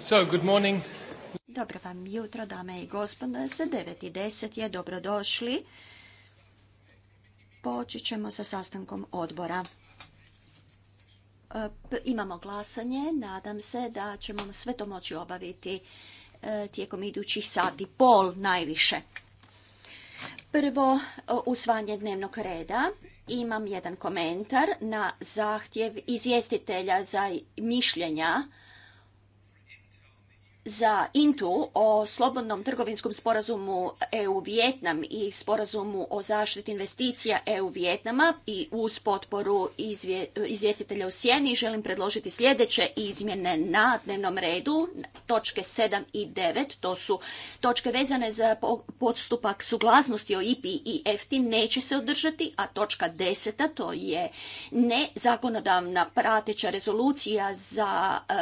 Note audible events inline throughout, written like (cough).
So, good morning. Dobro vam jutro, dame i gospodo. Sa 9.10. i je dobrodošli. Počet ćemo sa sastankom odbora. E, imamo glasanje. Nadam se da ćemo sve to moći obaviti e, tijekom idućih sati. Pol najviše. Prvo, usvanje dnevnog reda. Imam jedan komentar na zahtjev izvjestitelja za mišljenja za Intu o slobodnom trgovinskom sporazumu EU-Vjetnam i sporazumu o zaštiti investicija eu vijetnama i uz potporu izvjestitelja u Sjeni želim predložiti sljedeće izmjene na dnevnom redu, točke 7 i 9, to su točke vezane za postupak suglasnosti o IP i EFTI neće se održati, a točka 10, to je nezakonodavna prateća rezolucija za e,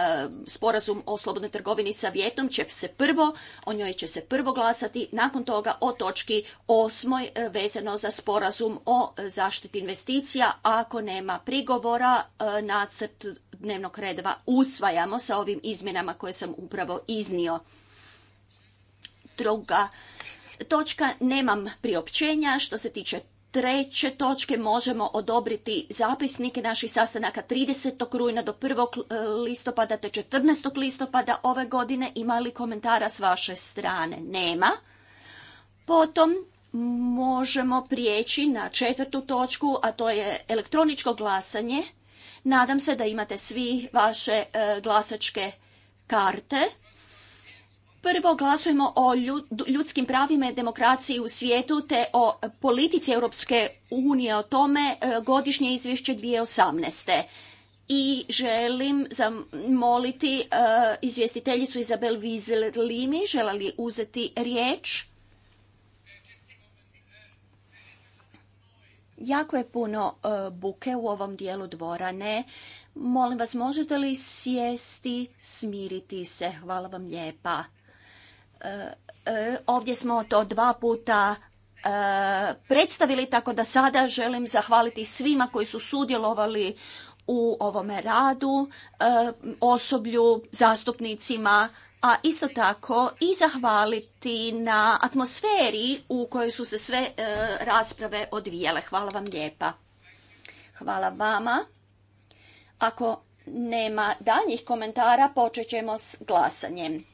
sporazum o slobodnoj trgovini sa sa će se prvo, o njoj će se prvo glasati, nakon toga o točki osmoj e, vezano za sporazum o e, zaštiti investicija. Ako nema prigovora, e, nacrt dnevnog redova usvajamo sa ovim izmjenama koje sam upravo iznio. Druga točka, nemam priopćenja što se tiče treće točke možemo odobriti zapisnike naših sastanaka 30. rujna do 1. E, listopada te 14. listopada ove godine. Ima li komentara s vaše strane? Nema. Potom možemo prijeći na četvrtu točku, a to je elektroničko glasanje. Nadam se da imate svi vaše e, glasačke karte. Prvo glasujemo o ljudskim pravima i demokraciji u svijetu te o politici Europske unije o tome e, godišnje izvješće 2018. I želim zamoliti e, izvjestiteljicu Izabel Wiesel-Limi, žela li uzeti riječ? Jako je puno e, buke u ovom dijelu dvorane. Molim vas, možete li sjesti, smiriti se? Hvala vam lijepa. E, e, ovdje smo to dva puta e, predstavili, tako da sada želim zahvaliti svima koji su sudjelovali u ovome radu, osoblju, zastupnicima, a isto tako i zahvaliti na atmosferi u kojoj su se sve rasprave odvijale. Hvala vam lijepa. Hvala vama. Ako nema danjih komentara, počet ćemo s glasanjem.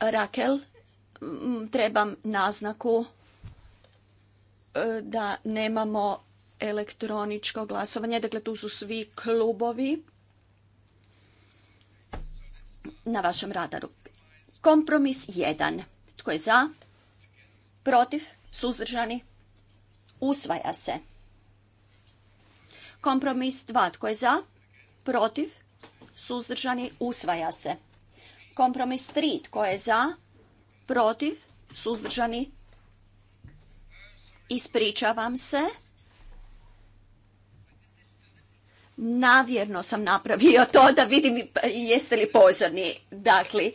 Rakel, trebam naznaku e, da nemamo elektroničko glasovanje. Dakle, tu su svi klubovi na vašem radaru. Kompromis 1. Tko je za? Protiv? Suzdržani? Usvaja se. Kompromis 2. Tko je za? Protiv? Suzdržani? Usvaja se. Kompromis 3. Tko je za? Protiv? Suzdržani? Ispričavam se. Navjerno sam napravio to da vidim pa- jeste li pozorni. Dakle,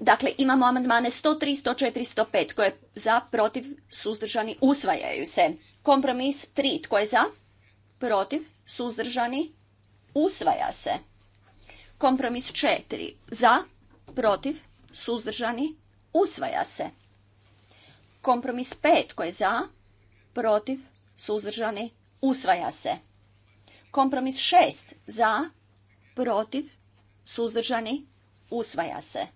dakle imamo amandmane 103, 104, 105 je za, protiv, suzdržani usvajaju se. Kompromis 3. Tko je za? Protiv, suzdržani usvaja se. Kompromis 4. Za, protiv, suzdržani, usvaja se. Kompromis 5 tko je za, protiv, suzdržani, usvaja se. Kompromis 6 za, protiv, suzdržani, usvaja se.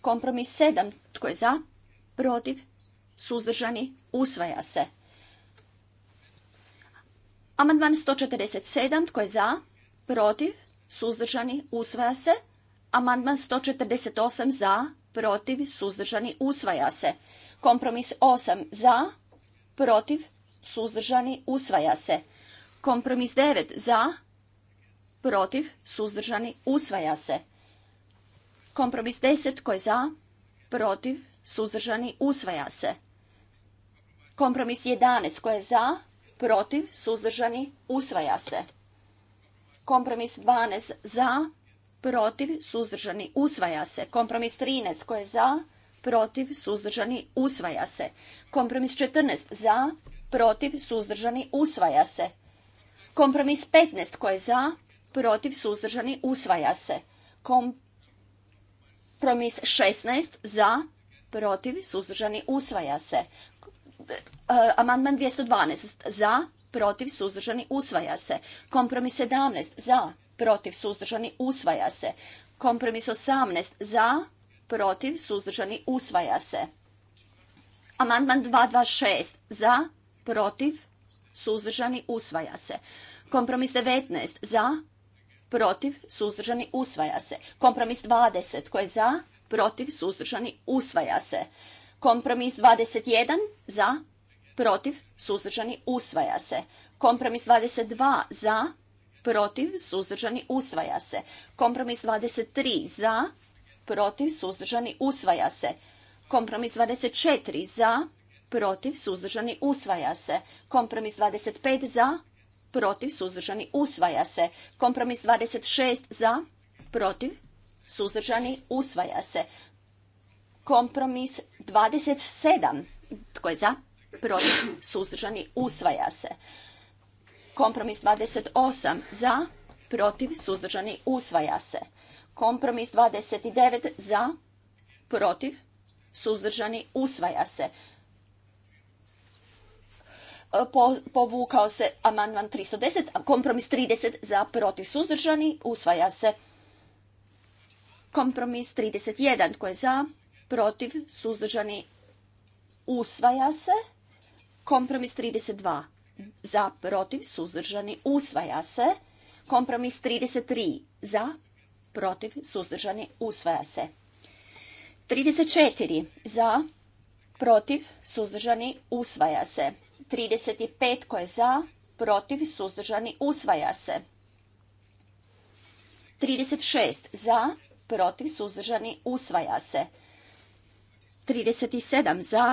Kompromis 7 tko je za, protiv, suzdržani, usvaja se. Amandman 147 tko je za, protiv, suzdržani, usvaja se. Amandman 148 za, protiv, suzdržani, usvaja se. Kompromis 8 za, protiv, suzdržani, usvaja se. Kompromis 9 za, protiv, suzdržani, usvaja se. Kompromis 10 koji je za, protiv, suzdržani, usvaja se. Kompromis 11 koji je za, protiv, suzdržani, usvaja se. Kompromis 12 za, protiv, suzdržani, usvaja se. Kompromis 13 koje je za, protiv, suzdržani, usvaja se. Kompromis 14 za, protiv, suzdržani, usvaja se. Kompromis 15 koje je za, protiv, suzdržani, usvaja se. Kompromis 16 za, protiv, suzdržani, usvaja se. E, amandman 212 za, protiv, suzdržani, usvaja se. Kompromis 17 za, protiv, suzdržani, usvaja se. Kompromis 18 za, protiv, suzdržani, usvaja se. Amandman 226 za, protiv, suzdržani, usvaja se. Kompromis 19 za, protiv, suzdržani, usvaja se. Kompromis 20 koje za, protiv, suzdržani, usvaja se. Kompromis 21 za, protiv, suzdržani, usvaja se. Kompromis 22 za, protiv, suzdržani, usvaja se. Kompromis 23 za, protiv, suzdržani, usvaja se. Kompromis 24 za, protiv, suzdržani, usvaja se. Kompromis 25 za, protiv, suzdržani, usvaja se. Kompromis 26 za, protiv, suzdržani, usvaja se. Kompromis 27, tko je za, protiv, suzdržani, usvaja se. Kompromis 28 za, protiv, suzdržani, usvaja se. Kompromis 29 za, protiv, suzdržani, usvaja se. E, povukao se amandman 310, kompromis 30 za, protiv, suzdržani, usvaja se. Kompromis 31 koji je za, protiv, suzdržani, usvaja se. Kompromis 32 za, protiv, suzdržani, usvaja se. Kompromis 33 za, protiv, suzdržani, usvaja se. 34 za, protiv, suzdržani, usvaja se. 35 koje za, protiv, suzdržani, usvaja se. 36 za, protiv, suzdržani, usvaja se. 37 za,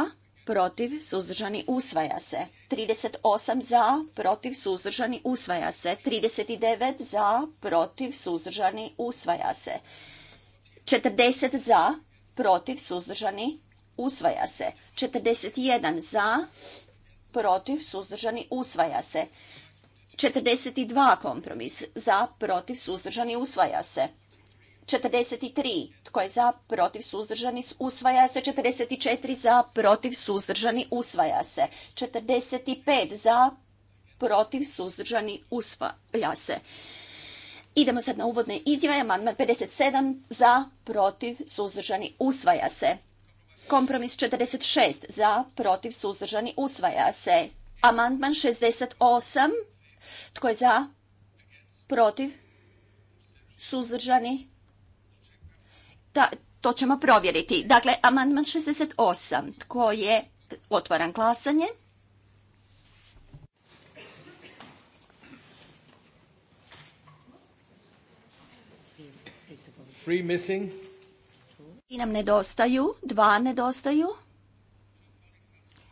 protiv, suzdržani, usvaja se. 38 za, protiv, suzdržani, usvaja se. 39 za, protiv, suzdržani, usvaja se. 40 za, protiv, suzdržani, usvaja se. 41 za, protiv, suzdržani, usvaja se. 42 kompromis za, protiv, suzdržani, usvaja se. 43. Tko je za, protiv, suzdržani, usvaja se. 44. Za, protiv, suzdržani, usvaja se. 45. Za, protiv, suzdržani, usvaja se. Idemo sad na uvodne izjave. Amandman 57. Za, protiv, suzdržani, usvaja se. Kompromis 46. Za, protiv, suzdržani, usvaja se. Amandman 68. Tko je za, protiv, suzdržani, to ćemo provjeriti. Dakle, amandman 68. Tko je otvaran glasanje? nam nedostaju, dva nedostaju.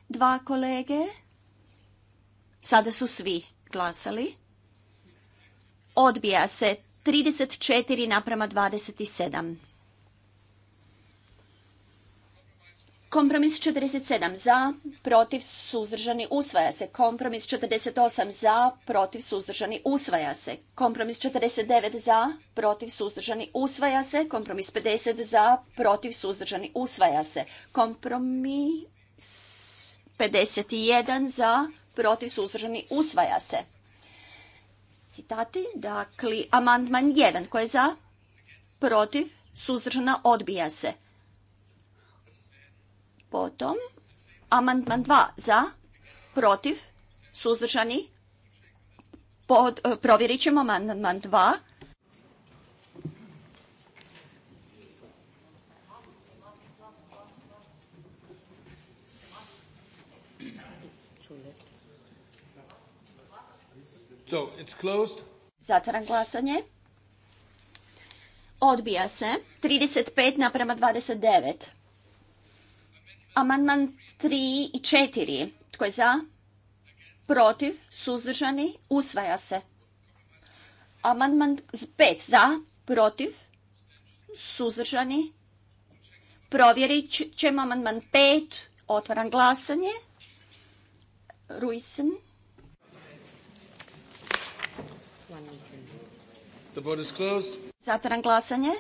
Dva kolege. Sada su svi glasali. Odbija se 34 naprema 27. Kompromis 47 za, protiv, suzdržani, usvaja se. Kompromis 48 za, protiv, suzdržani, usvaja se. Kompromis 49 za, protiv, suzdržani, usvaja se. Kompromis 50 za, protiv, suzdržani, usvaja se. Kompromis 51 za, protiv, suzdržani, usvaja se. Citati, dakle, amandman 1 koji je za, protiv, suzdržana, odbija se. Potom, amandman 2 za, protiv, suzdržani, pod, e, provjerit ćemo amandman 2. So, it's closed. Zatvaram glasanje. Odbija se. 35 naprema 29. Amandman 3 i 4. Tko je za? Protiv? Suzdržani? Usvaja se. Amandman 5. Za? Protiv? Suzdržani? Provjerit ćemo amandman 5. Otvaram glasanje. Ruisen. Zatvaram glasanje.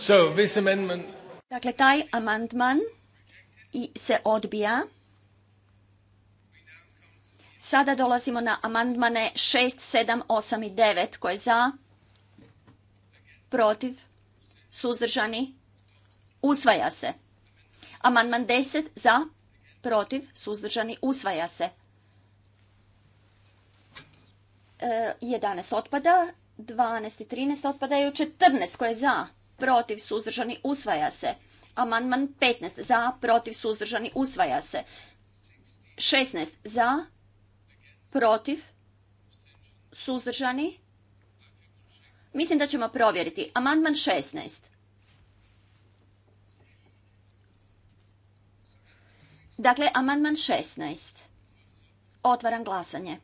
So, this amendment... Dakle, taj amandman se odbija. Sada dolazimo na amandmane 6, 7, 8 i 9. Koje za? Protiv? Suzdržani? Usvaja se. Amandman 10 za? Protiv? Suzdržani? Usvaja se. 11 e, otpada, 12 i 13 otpadaju, 14 koje za, za, protiv, suzdržani, usvaja se. Amandman 15 za, protiv, suzdržani, usvaja se. 16 za, protiv, suzdržani. Mislim da ćemo provjeriti. Amandman 16. Dakle, amandman 16. Otvaram glasanje.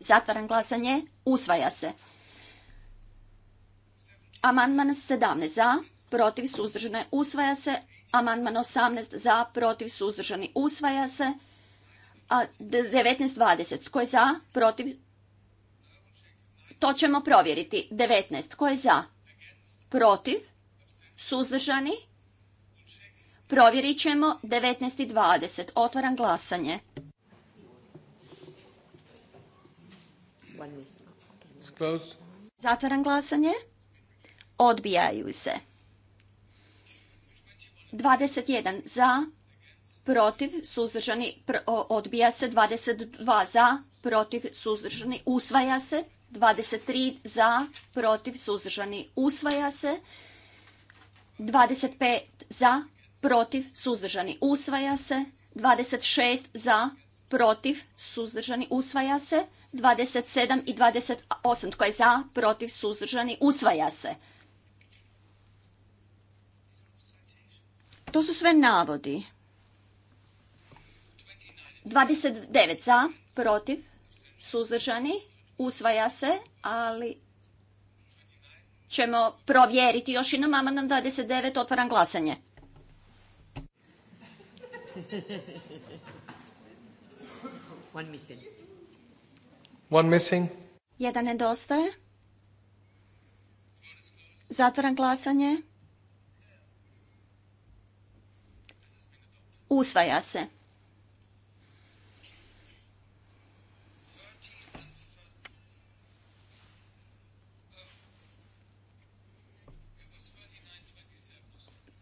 Zatvaram glasanje. Usvaja se. Amandman 17 za, protiv suzdržane usvaja se. Amandman 18 za, protiv suzdržani usvaja se. A 19.20. Tko je za? Protiv? To ćemo provjeriti. 19. Tko je za? Protiv? Suzdržani? Provjerit ćemo 19 i 20. Otvaram glasanje. Zatvaram glasanje. Odbijaju se. 21 za, protiv, suzdržani, odbija se. 22 za, protiv, suzdržani, usvaja se. 23 za, protiv, suzdržani, usvaja se. 25 za, protiv, suzdržani, usvaja se. 26 za, protiv, suzdržani, usvaja se. 27 i 28 tko je za, protiv, suzdržani, usvaja se. To su sve navodi. 29 za, protiv, suzdržani, usvaja se, ali ćemo provjeriti još jednom amandman 29, otvaram glasanje. (laughs) Jedan nedostaje. Zatvaram glasanje. Usvaja se.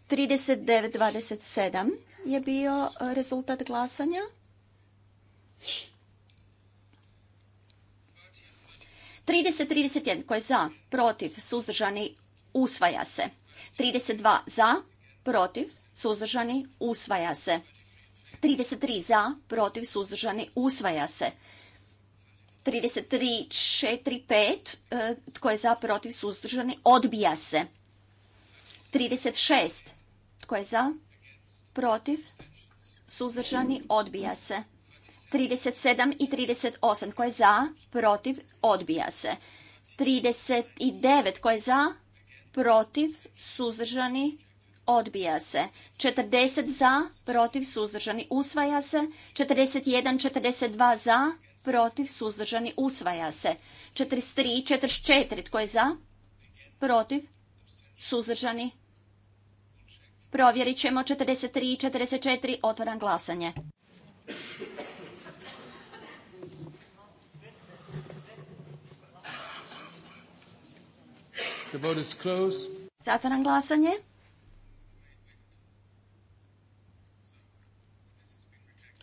trideset devet dvadeset sedam je bio rezultat glasanja. jedan koji je za, protiv, suzdržani, usvaja se. trideset dva za, protiv, suzdržani, usvaja se. 33 za, protiv, suzdržani, usvaja se. 33, 4, 5, tko je za, protiv, suzdržani, odbija se. 36, tko je za, protiv, suzdržani, odbija se. 37 i 38, tko je za, protiv, odbija se. 39, tko je za, protiv, suzdržani, odbija se. 40 za, protiv, suzdržani, usvaja se. 41, 42 za, protiv, suzdržani, usvaja se. 43, 44, tko je za? Protiv, suzdržani, provjerit ćemo. 43, 44, otvoran glasanje. Zatvaram glasanje.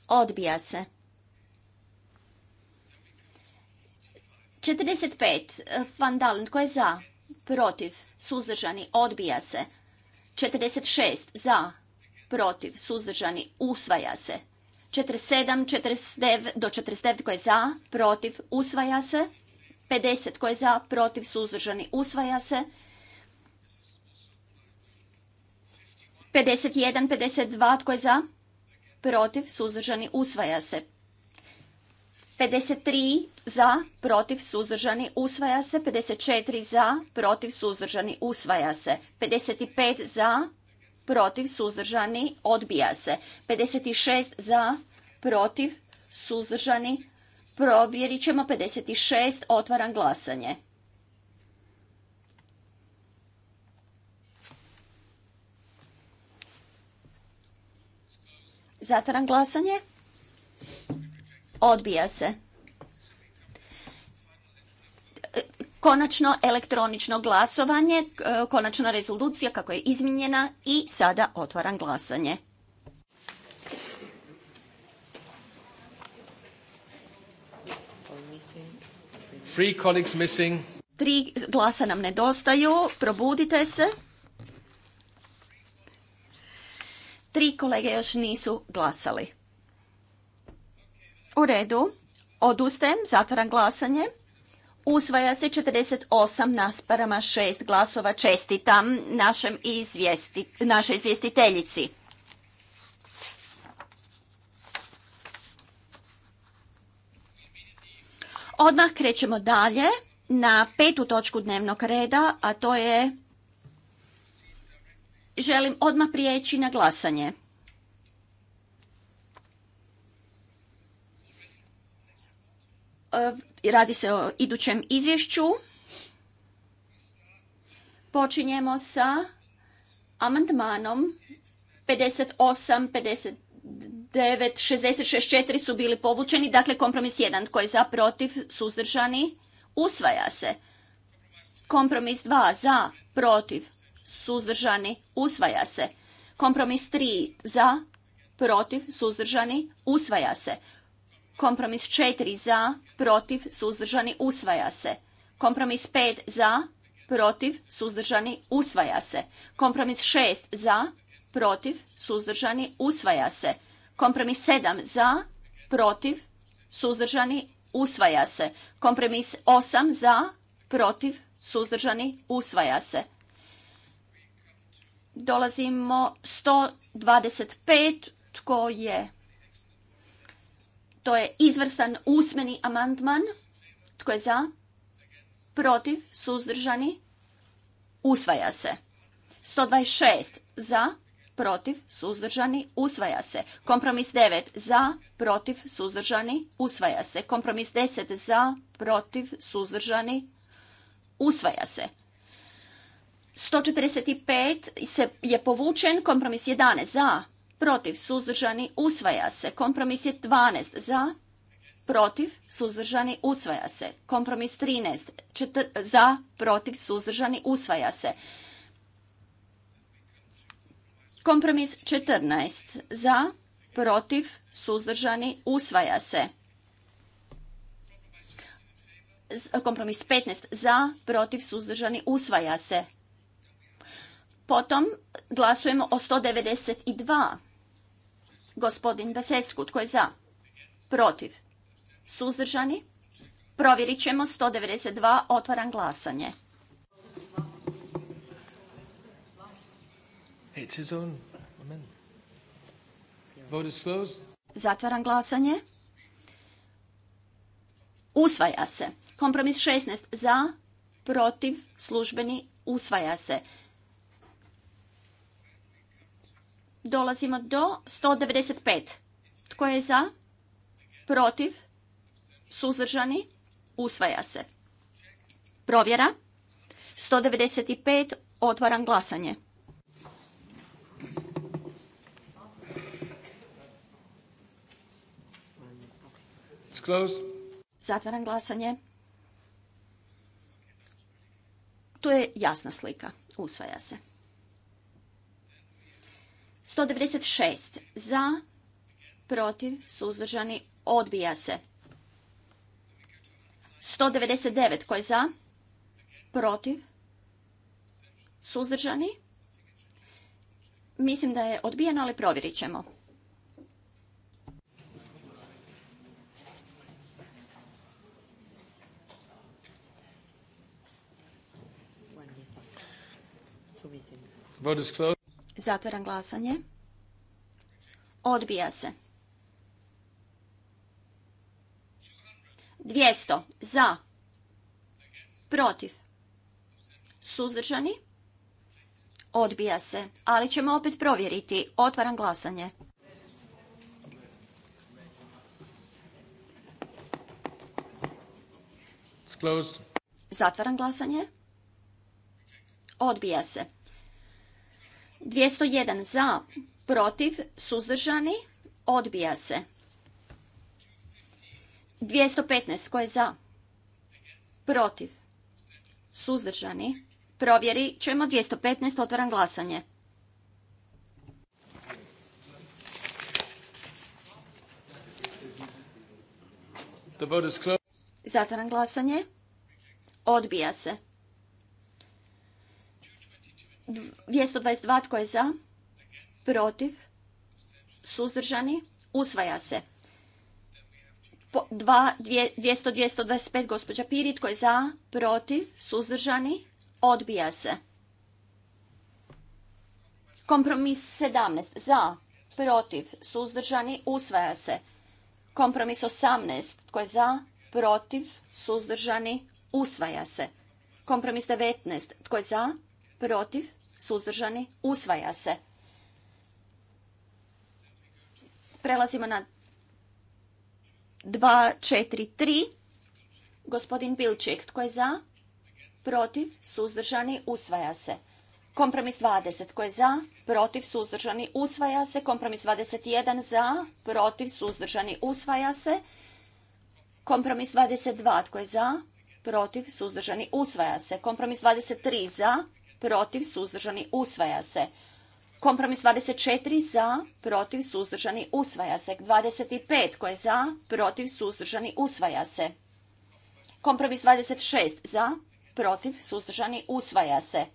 Odbija se. 45. Van Dalen, tko je za? Protiv. Suzdržani. Odbija se. 46. Za. Protiv. Suzdržani. Usvaja se. 47. 49, do 49. Tko je za? Protiv. Usvaja se. 50. Tko je za? Protiv. Suzdržani. Usvaja se. 51. 52. Tko je za? protiv, suzdržani, usvaja se. 53 za, protiv, suzdržani, usvaja se. 54 za, protiv, suzdržani, usvaja se. 55 za, protiv, suzdržani, odbija se. 56 za, protiv, suzdržani, provjerit ćemo. 56, otvaram glasanje. Zatvaram glasanje. Odbija se. Konačno elektronično glasovanje, e, konačna rezolucija kako je izmijenjena i sada otvaram glasanje. Tri glasa nam nedostaju. Probudite se. Tri kolege još nisu glasali. U redu. Odustajem, zatvaram glasanje. Usvaja se 48 nasparama 6 glasova. Čestitam našem našoj izvjestiteljici. Odmah krećemo dalje na petu točku dnevnog reda, a to je želim odmah prijeći na glasanje. E, radi se o idućem izvješću. Počinjemo sa amandmanom 58, 59, 66, su bili povučeni. Dakle, kompromis 1 tko je za, protiv, suzdržani, usvaja se. Kompromis 2 za, protiv, suzdržani, usvaja se. Kompromis 3 za, protiv, suzdržani, usvaja se. Kompromis 4 za, protiv, suzdržani, usvaja se. Kompromis 5 za, protiv, suzdržani, usvaja se. Kompromis 6 za, protiv, suzdržani, usvaja se. Kompromis 7 za, protiv, suzdržani, usvaja se. Kompromis 8 za, protiv, suzdržani, usvaja se dolazimo 125 tko je to je izvrstan usmeni amandman tko je za protiv suzdržani usvaja se 126 za protiv suzdržani usvaja se kompromis 9 za protiv suzdržani usvaja se kompromis 10 za protiv suzdržani usvaja se 145 se je povučen, kompromis 11 za, protiv, suzdržani, usvaja se. Kompromis je 12 za, protiv, suzdržani, usvaja se. Kompromis 13 za, protiv, suzdržani, usvaja se. Kompromis 14 za, protiv, suzdržani, usvaja se. Kompromis 15 za, protiv, suzdržani, usvaja se. Potom glasujemo o 192. Gospodin Besesku, tko je za? Protiv. Suzdržani? Provjerit ćemo 192. Otvaram glasanje. Zatvaram glasanje. Usvaja se. Kompromis 16 za, protiv, službeni, usvaja se. Dolazimo do 195. Tko je za? Protiv? Suzdržani? Usvaja se. Provjera. 195. Otvaram glasanje. Zatvaram glasanje. Tu je jasna slika. Usvaja se. 196 za, protiv, suzdržani, odbija se. 199 tko je za, protiv, suzdržani. Mislim da je odbijeno, ali provjerit ćemo. Zatvaram glasanje. Odbija se. 200 za. Protiv. Suzdržani. Odbija se, ali ćemo opet provjeriti. Otvaram glasanje. Zatvaram glasanje. Odbija se. 201 za, protiv, suzdržani, odbija se. 215 koje za, protiv, suzdržani, provjeri ćemo 215, otvaram glasanje. Zatvaram glasanje. Odbija se. 222 tko je za? Protiv? Suzdržani? Usvaja se. 200-225 gospođa Pirit tko je za? Protiv? Suzdržani? Odbija se. Kompromis 17 za? Protiv? Suzdržani? Usvaja se. Kompromis 18 tko je za? Protiv? Suzdržani? Usvaja se. Kompromis 19 tko je za? Protiv? suzdržani, usvaja se. Prelazimo na 243. Gospodin Bilček, tko je za? Protiv, suzdržani, usvaja se. Kompromis 20, tko je za? Protiv, suzdržani, usvaja se. Kompromis 21, za? Protiv, suzdržani, usvaja se. Kompromis 22, tko je za? Protiv, suzdržani, usvaja se. Kompromis 23, za? protiv, suzdržani, usvaja se. Kompromis 24 za, protiv, suzdržani, usvaja se. 25 koje za, protiv, suzdržani, usvaja se. Kompromis 26 za, protiv, suzdržani, usvaja se.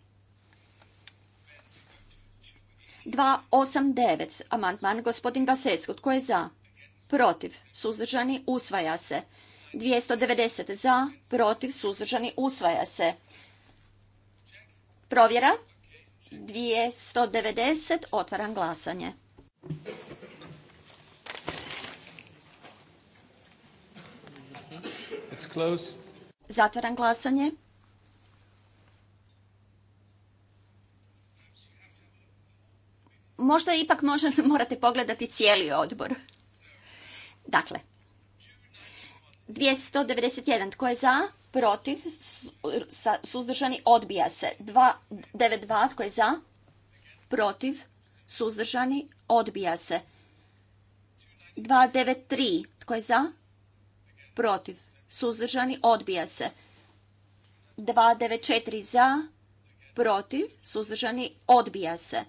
289 amandman gospodin Basesko. Tko je za? Protiv. Suzdržani, usvaja se. 290 za, protiv, suzdržani, usvaja se. Provjera. 290. Otvaram glasanje. Zatvaram glasanje. Možda ipak možete, morate pogledati cijeli odbor. Dakle, 291. Tko je za? Protiv? Suzdržani? Odbija se. 292. Tko je za? Protiv? Suzdržani? Odbija se. 293. Tko je za? Protiv? Suzdržani? Odbija se. 294. Za? Protiv? Suzdržani? Odbija se.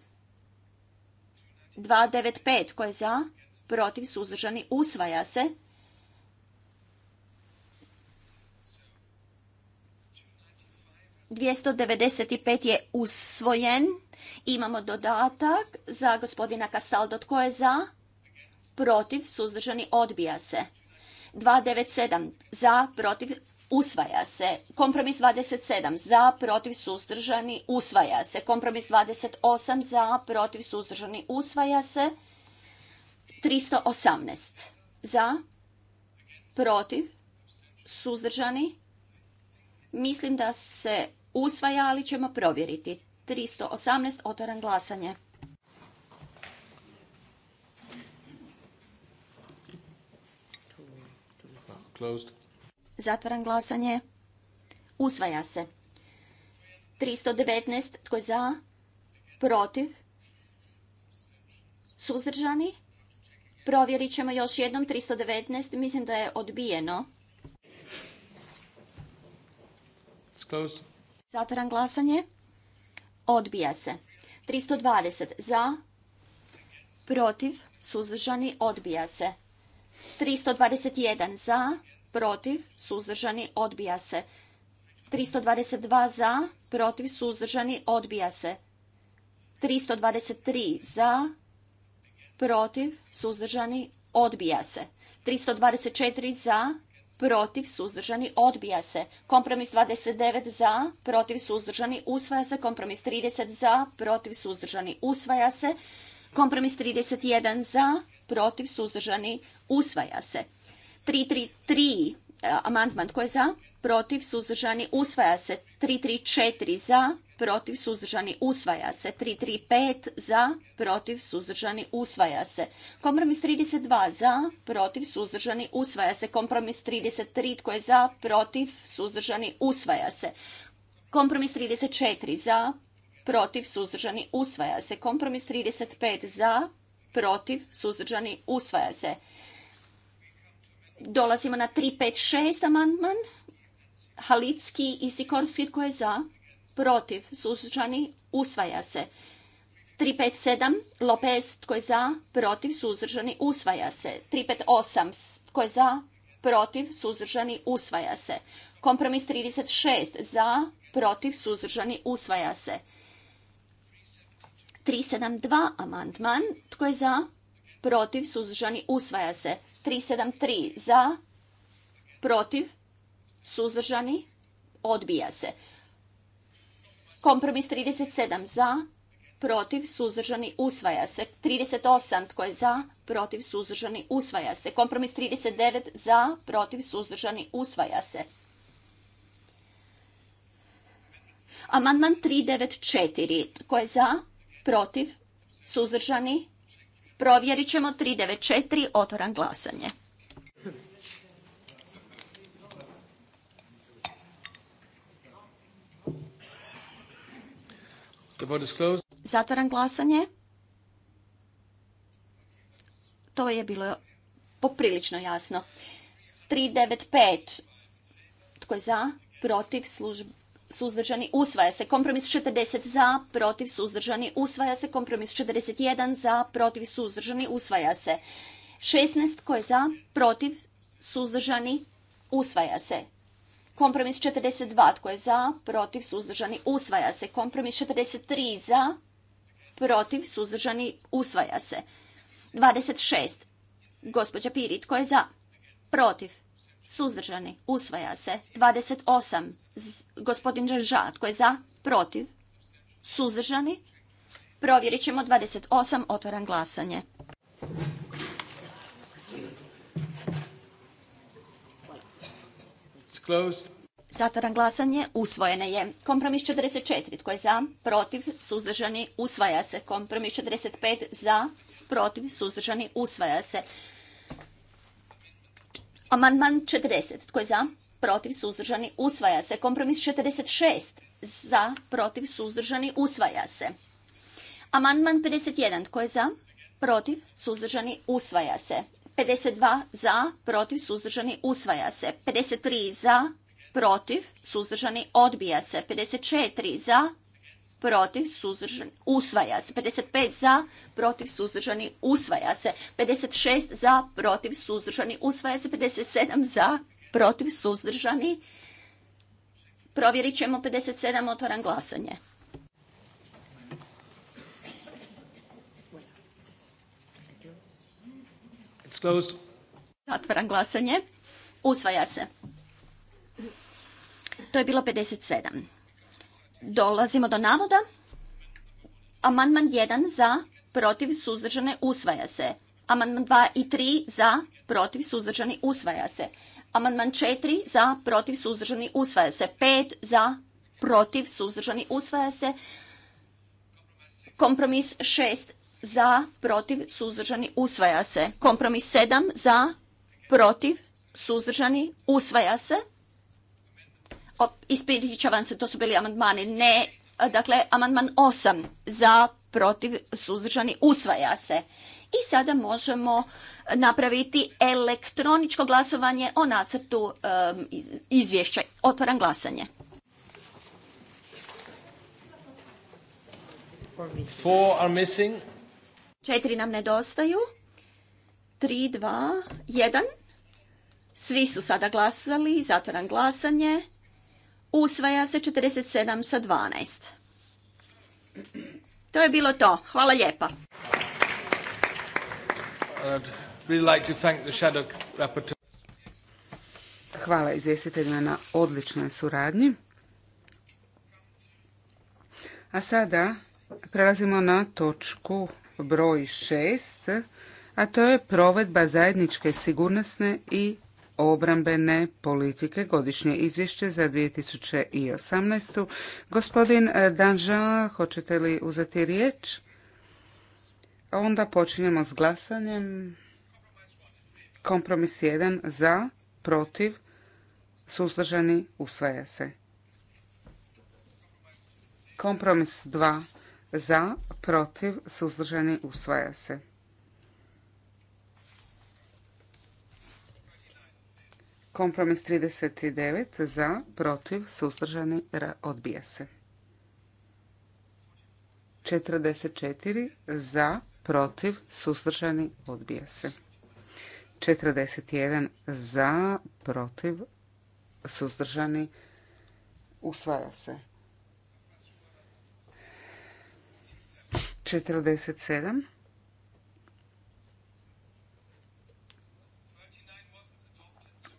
295. Tko je za? Protiv? Suzdržani? Usvaja se. 295 je usvojen. Imamo dodatak za gospodina Kasaldo. Tko je za? Protiv. Suzdržani odbija se. 297 za, protiv, usvaja se. Kompromis 27 za, protiv, suzdržani, usvaja se. Kompromis 28 za, protiv, suzdržani, usvaja se. 318 za, protiv, suzdržani. Mislim da se usvaja, ali ćemo provjeriti. 318, otvoran glasanje. Zatvaram glasanje. Usvaja se. 319. Tko je za? Protiv? Suzdržani? Provjerit ćemo još jednom. 319. Mislim da je odbijeno. It's Zatvoran glasanje. Odbija se. 320 za, protiv, suzdržani, odbija se. 321 za, protiv, suzdržani, odbija se. 322 za, protiv, suzdržani, odbija se. 323 za, protiv, suzdržani, odbija se. 324 za, protiv, suzdržani, odbija se. Kompromis 29 za, protiv, suzdržani, usvaja se. Kompromis 30 za, protiv, suzdržani, usvaja se. Kompromis 31 za, protiv, suzdržani, usvaja se. 333 eh, amandman tko je za, protiv, suzdržani, usvaja se. 334 za, protiv suzdržani usvaja se. 335 za, protiv suzdržani usvaja se. Kompromis 32 za, protiv suzdržani usvaja se. Kompromis 33 tko je za, protiv suzdržani usvaja se. Kompromis 34 za, protiv suzdržani usvaja se. Kompromis 35 za, protiv suzdržani usvaja se. Dolazimo na 356 amandman. Halicki i Sikorski tko je za, protiv, suzdržani, usvaja se. 357, Lopez, tko je za, protiv, suzdržani, usvaja se. 358, tko je za, protiv, suzdržani, usvaja se. Kompromis 36, za, protiv, suzdržani, usvaja se. 372, amandman, tko je za, protiv, suzdržani, usvaja se. 373, za, protiv, suzdržani, odbija se. Kompromis 37 za, protiv, suzdržani, usvaja se. 38 tko je za, protiv, suzdržani, usvaja se. Kompromis 39 za, protiv, suzdržani, usvaja se. Amandman 394 tko je za, protiv, suzdržani, provjerit ćemo 394, otvoran glasanje. Zatvaram glasanje. To je bilo poprilično jasno. 395. Tko je za? Protiv Suzdržani usvaja se kompromis 40 za, protiv suzdržani usvaja se kompromis 41 za, protiv suzdržani usvaja se. 16 tko je za, protiv suzdržani usvaja se. Kompromis 42 tko je za, protiv, suzdržani, usvaja se. Kompromis 43 za, protiv, suzdržani, usvaja se. 26. Gospođa Pirit, tko je za, protiv, suzdržani, usvaja se. 28. gospodin Žat, tko je za, protiv, suzdržani, provjerit ćemo 28, Otvaram glasanje. Zatvaram glasanje. Usvojene je. Kompromis 44. Tko je za? Protiv? Suzdržani? Usvaja se. Kompromis 45. Za? Protiv? Suzdržani? Usvaja se. Amandman 40. Tko je za? Protiv? Suzdržani? Usvaja se. Kompromis 46. Za? Protiv? Suzdržani? Usvaja se. Amandman 51. Tko je za? Protiv? Suzdržani? Usvaja se. 52 za, protiv, suzdržani, usvaja se. 53 za, protiv, suzdržani, odbija se. 54 za, protiv, suzdržani, usvaja se. 55 za, protiv, suzdržani, usvaja se. 56 za, protiv, suzdržani, usvaja se. 57 za, protiv, suzdržani. Provjerit ćemo 57, otvoran glasanje. Close. Zatvaram glasanje. Usvaja se. To je bilo 57. Dolazimo do navoda. Amandman 1 za, protiv, suzdržane, usvaja se. Amandman 2 i 3 za, protiv, suzdržani, usvaja se. Amandman 4 za, protiv, suzdržani, usvaja se. 5 za, protiv, suzdržani, usvaja se. Kompromis 6 za, protiv, suzdržani, usvaja se. Kompromis sedam. za, protiv, suzdržani, usvaja se. Ispričavam se, to su bili amandmani. Ne, dakle, amandman osam. za, protiv, suzdržani, usvaja se. I sada možemo napraviti elektroničko glasovanje o nacrtu izvješća. Otvaram glasanje. Four are missing. Četiri nam nedostaju. Tri, dva, jedan. Svi su sada glasali, zatvoran glasanje. Usvaja se 47 sa 12. To je bilo to. Hvala lijepa. Hvala izvjestiteljima na odličnoj suradnji. A sada prelazimo na točku broj 6, a to je provedba zajedničke sigurnosne i obrambene politike godišnje izvješće za 2018. Gospodin e, Danžan, hoćete li uzeti riječ? Onda počinjemo s glasanjem. Kompromis 1 za, protiv, suzdržani, usvaja se. Kompromis 2 za, protiv, suzdržani, usvaja se. Kompromis 39 za, protiv, suzdržani, odbija se. 44 za, protiv, suzdržani, odbija se. 41 za, protiv, suzdržani, usvaja se. 47.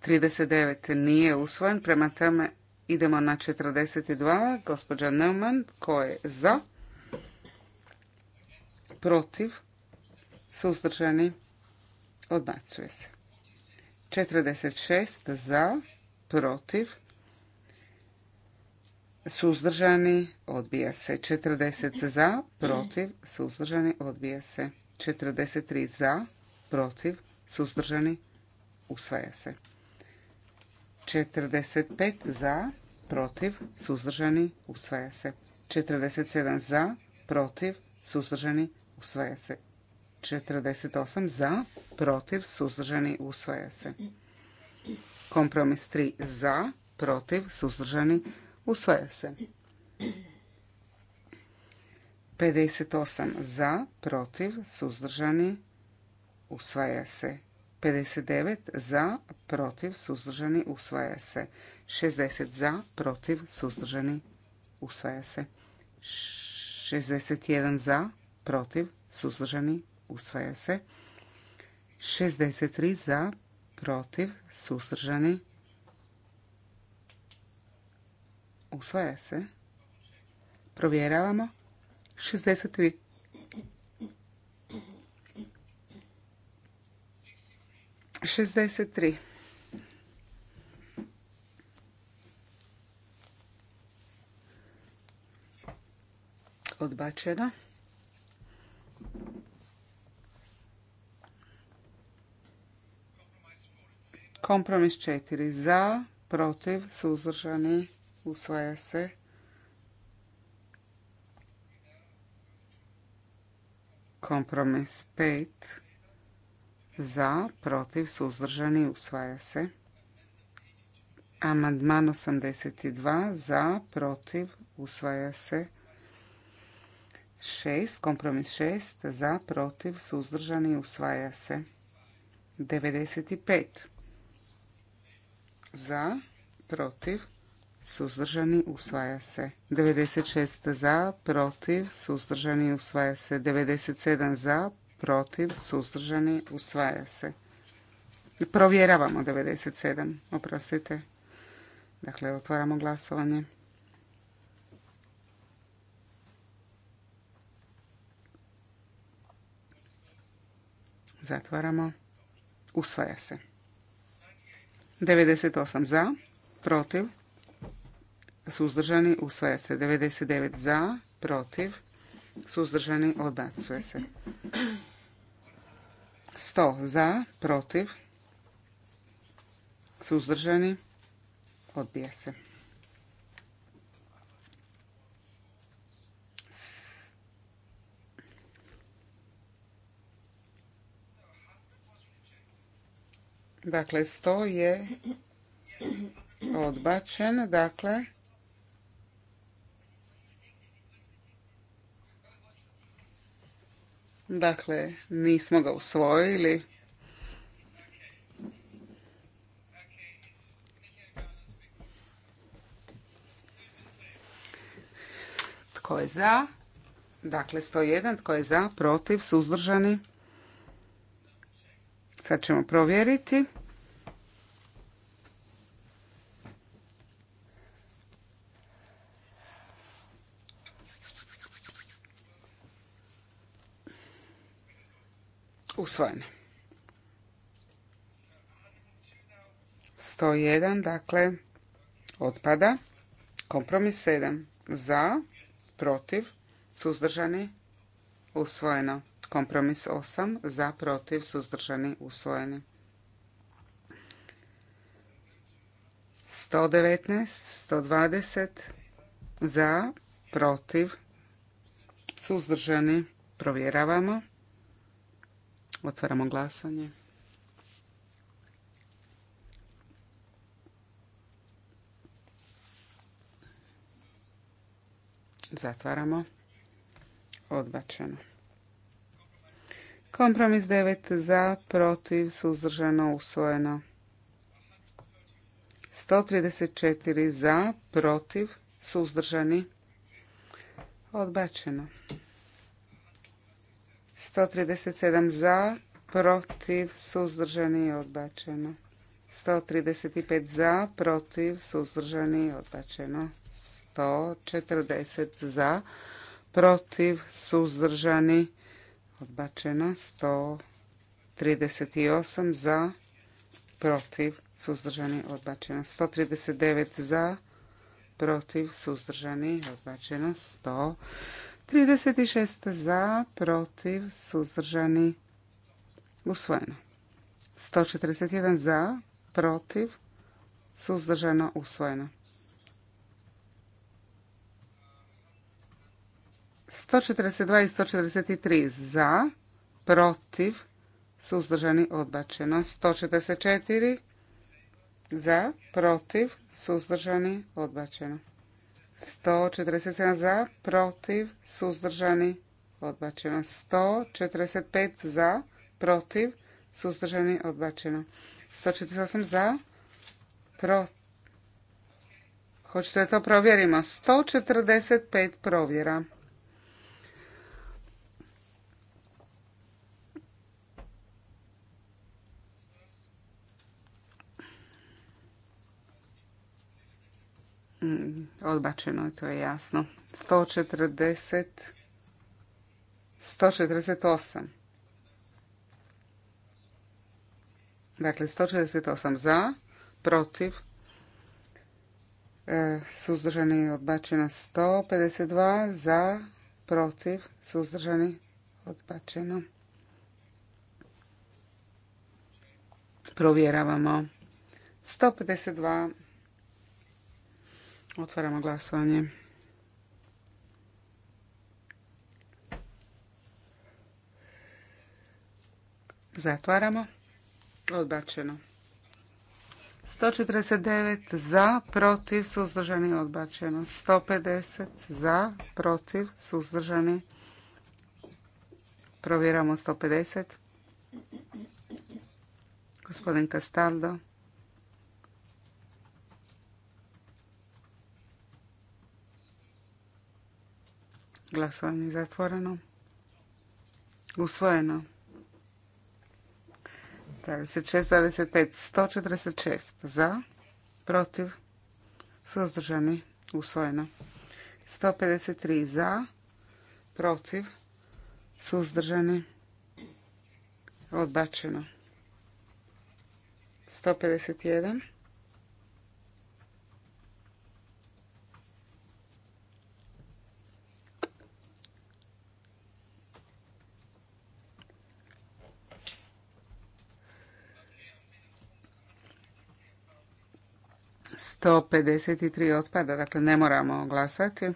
Trideset nije usvojen, prema tome idemo na 42. Gospođa Neumann, ko je za? Protiv? Suzdržani? Odbacuje se. 46 za, protiv, suzdržani, odbija se. 40 za, protiv, suzdržani, odbija se. 43 za, protiv, suzdržani, usvaja se. 45 za, protiv, suzdržani, usvaja se. 47 za, protiv, suzdržani, usvaja se. 48 za, protiv, suzdržani, usvaja se. Kompromis 3 za, protiv, suzdržani, usvaja se Usvaja se. 58 za, protiv, suzdržani, usvaja se. 59 za, protiv, suzdržani, usvaja se. 60 za, protiv, suzdržani, usvaja se. 61 za, protiv, suzdržani, usvaja se. 63 za, protiv, suzdržani, usvaja se. Usvaja se. Provjeravamo. 63. 63. Odbačeno. Kompromis 4. Za, protiv, suzdržani, usvaja se. Kompromis 5 za, protiv, suzdržani, usvaja se. Amandman 82 za, protiv, usvaja se. 6, kompromis 6 za, protiv, suzdržani, usvaja se. 95 za, protiv, suzdržani, usvaja se. 96 za, protiv, suzdržani, usvaja se. 97 za, protiv, suzdržani, usvaja se. Provjeravamo 97, oprostite. Dakle, otvaramo glasovanje. Zatvaramo. Usvaja se. 98 za, protiv, suzdržani, usvaja se. 99 za, protiv, suzdržani, odbacuje se. 100 za, protiv, suzdržani, odbija se. Dakle, 100 je odbačen. Dakle, Dakle, nismo ga usvojili. Tko je za? Dakle, 101. Tko je za? Protiv? Suzdržani? Sad ćemo provjeriti. usvojene. 101, dakle, otpada. Kompromis 7. Za, protiv, suzdržani, usvojeno. Kompromis 8. Za, protiv, suzdržani, usvojeni. 119, 120. Za, protiv, suzdržani, provjeravamo. Otvaramo glasanje. Zatvaramo. Odbačeno. Kompromis 9 za, protiv, suzdržano, usvojeno. 134 za, protiv, suzdržani, odbačeno. 137 za, protiv, suzdržani, odbačeno. 135 za, protiv, suzdržani, odbačeno. 140 za, protiv, suzdržani, odbačeno. 138 za, protiv, suzdržani, odbačeno. 139 za, protiv, suzdržani, odbačeno. 100 36 za, protiv, suzdržani, usvojeno. 141 za, protiv, suzdržano, usvojeno. 142 i 143 za, protiv, suzdržani, odbačeno. 144 za, protiv, suzdržani, odbačeno. 147 za, protiv, suzdržani, odbačeno. 145 za, protiv, suzdržani, odbačeno. 148 za, protiv. Hoćete da to provjerimo? 145 provjera. Mm, odbačeno je, to je jasno. 140, 148. Dakle, 148 za, protiv, e, suzdržani odbačeno 152, za, protiv, suzdržani odbačeno. Provjeravamo. 152 Otvaramo glasovanje. Zatvaramo. Odbačeno. 149 za, protiv, suzdržani, odbačeno. 150 za, protiv, suzdržani. Provjeramo 150. Gospodin Kastaldo. Glasovanje je zatvoreno. Usvojeno. 26, 25, 146 za, protiv, suzdržani, usvojeno. 153 za, protiv, suzdržani, odbačeno. 151 153 otpada, dakle ne moramo glasati.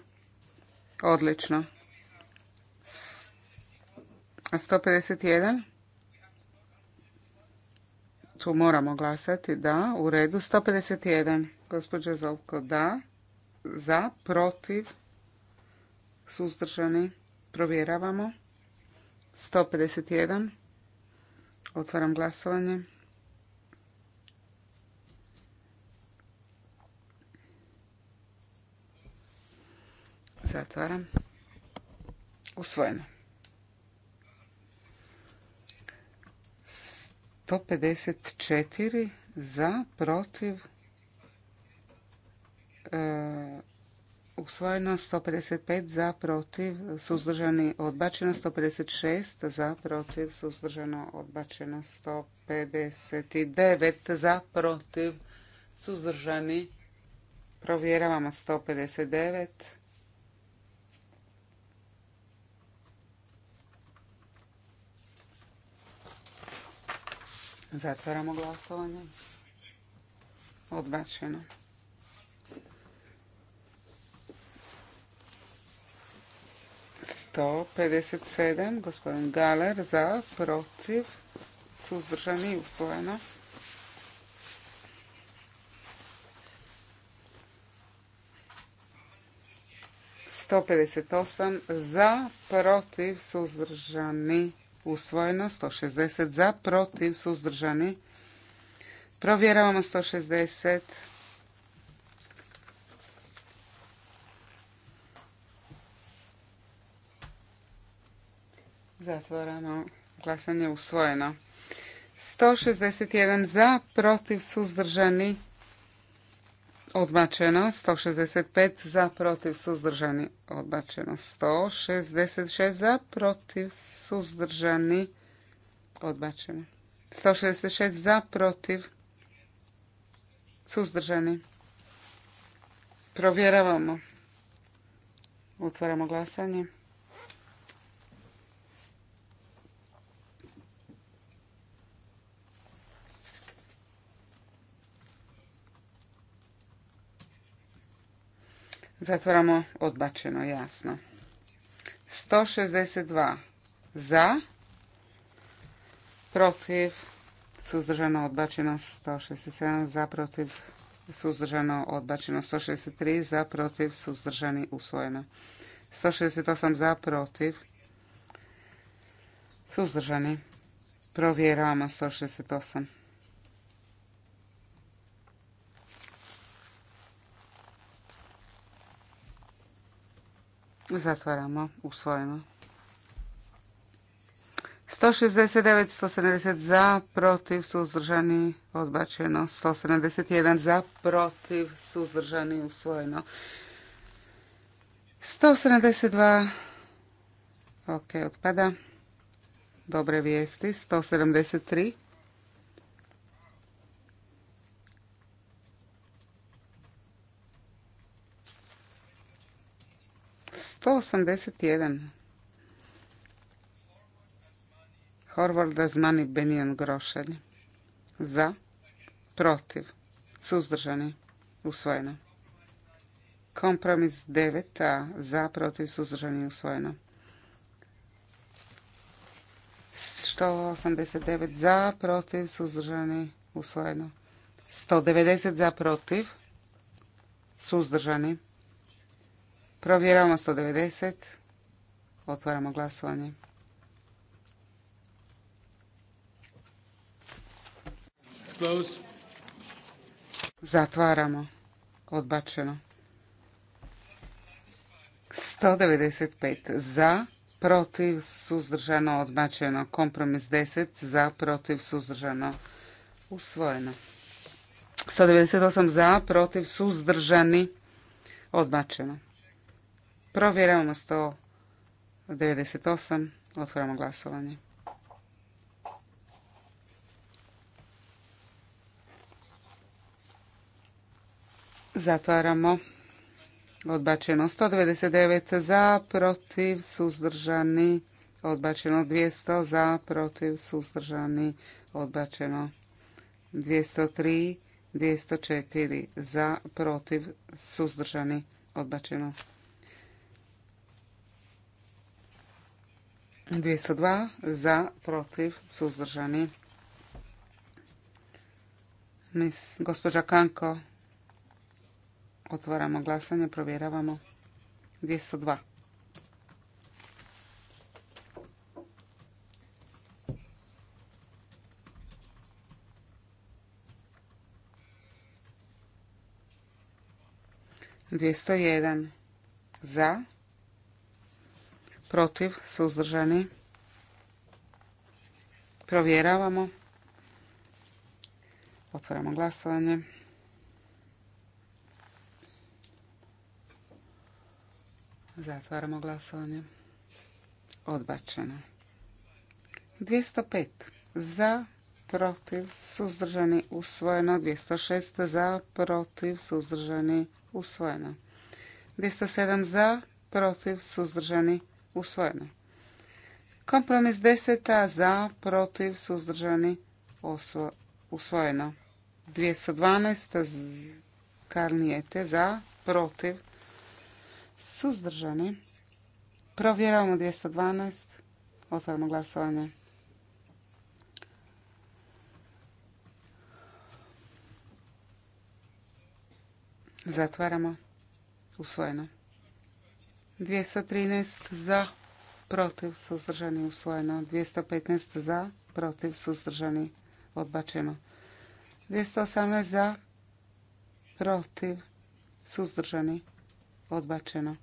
Odlično. A 151? Tu moramo glasati, da, u redu. 151, gospođa Zovko, da, za, protiv, suzdržani, provjeravamo. 151, otvaram glasovanje. Zatvaram. Usvojeno. 154 za, protiv, e, usvojeno 155 za, protiv, suzdržani odbačeno 156 za, protiv, suzdržano odbačeno 159 za, protiv, suzdržani. Provjeravamo 159. Zatvaramo glasovanje. Odbačeno. Sto pedeset gospodin Galer za, protiv, suzdržani, usvojeno. Sto pedeset osam za, protiv, suzdržani, usvojeno 160 za, protiv, suzdržani. Provjeravamo 160. Zatvorano. Glasanje usvojeno. 161 za, protiv, suzdržani. Odbačeno 165 za, protiv, suzdržani. Odbačeno 166 za, protiv, suzdržani. Odbačeno. 166 za, protiv, suzdržani. Provjeravamo. Otvaramo glasanje. Zatvoramo odbačeno, jasno. 162 za, protiv, suzdržano odbačeno 167 za, protiv, suzdržano odbačeno 163 za, protiv, suzdržani usvojeno. 168 za, protiv, suzdržani. Provjeravamo 168. Zatvaramo. Usvojeno. 169, 170 za, protiv, suzdržani, odbačeno. 171 za, protiv, suzdržani, usvojeno. 172, ok, otpada. Dobre vijesti. 173 181. Horvard Azmani Benijan Grošelj. Za. Protiv. Suzdržani. Usvojeno. Kompromis 9. za. Protiv. Suzdržani. Usvojeno. 189 za, protiv, suzdržani, usvojeno. 190 za, protiv, suzdržani, Provjeravamo 190. Otvaramo glasovanje. Zatvaramo. Odbačeno. 195 za, protiv, suzdržano, odbačeno. Kompromis 10 za, protiv, suzdržano, usvojeno. 198 za, protiv, suzdržani, odbačeno. Provjeravamo 198. Otvaramo glasovanje. Zatvaramo. Odbačeno 199 za, protiv, suzdržani. Odbačeno 200 za, protiv, suzdržani. Odbačeno 203, 204 za, protiv, suzdržani. Odbačeno. 202 za, protiv, suzdržani. Mis, gospođa Kanko, otvaramo glasanje, provjeravamo. 202. 201 za, protiv, suzdržani. Provjeravamo. Otvaramo glasovanje. Zatvaramo glasovanje. Odbačeno. 205 za, protiv, suzdržani, usvojeno. 206 za, protiv, suzdržani, usvojeno. 207 za, protiv, suzdržani, usvojeno. Kompromis deseta za, protiv, suzdržani, usvojeno. 212. Karnijete za, protiv, suzdržani. Provjeravamo 212. Otvaramo glasovanje. Zatvaramo. Usvojeno. 213 za, protiv, suzdržani, usvojeno. 215 za, protiv, suzdržani, odbačeno. 218 za, protiv, suzdržani, odbačeno.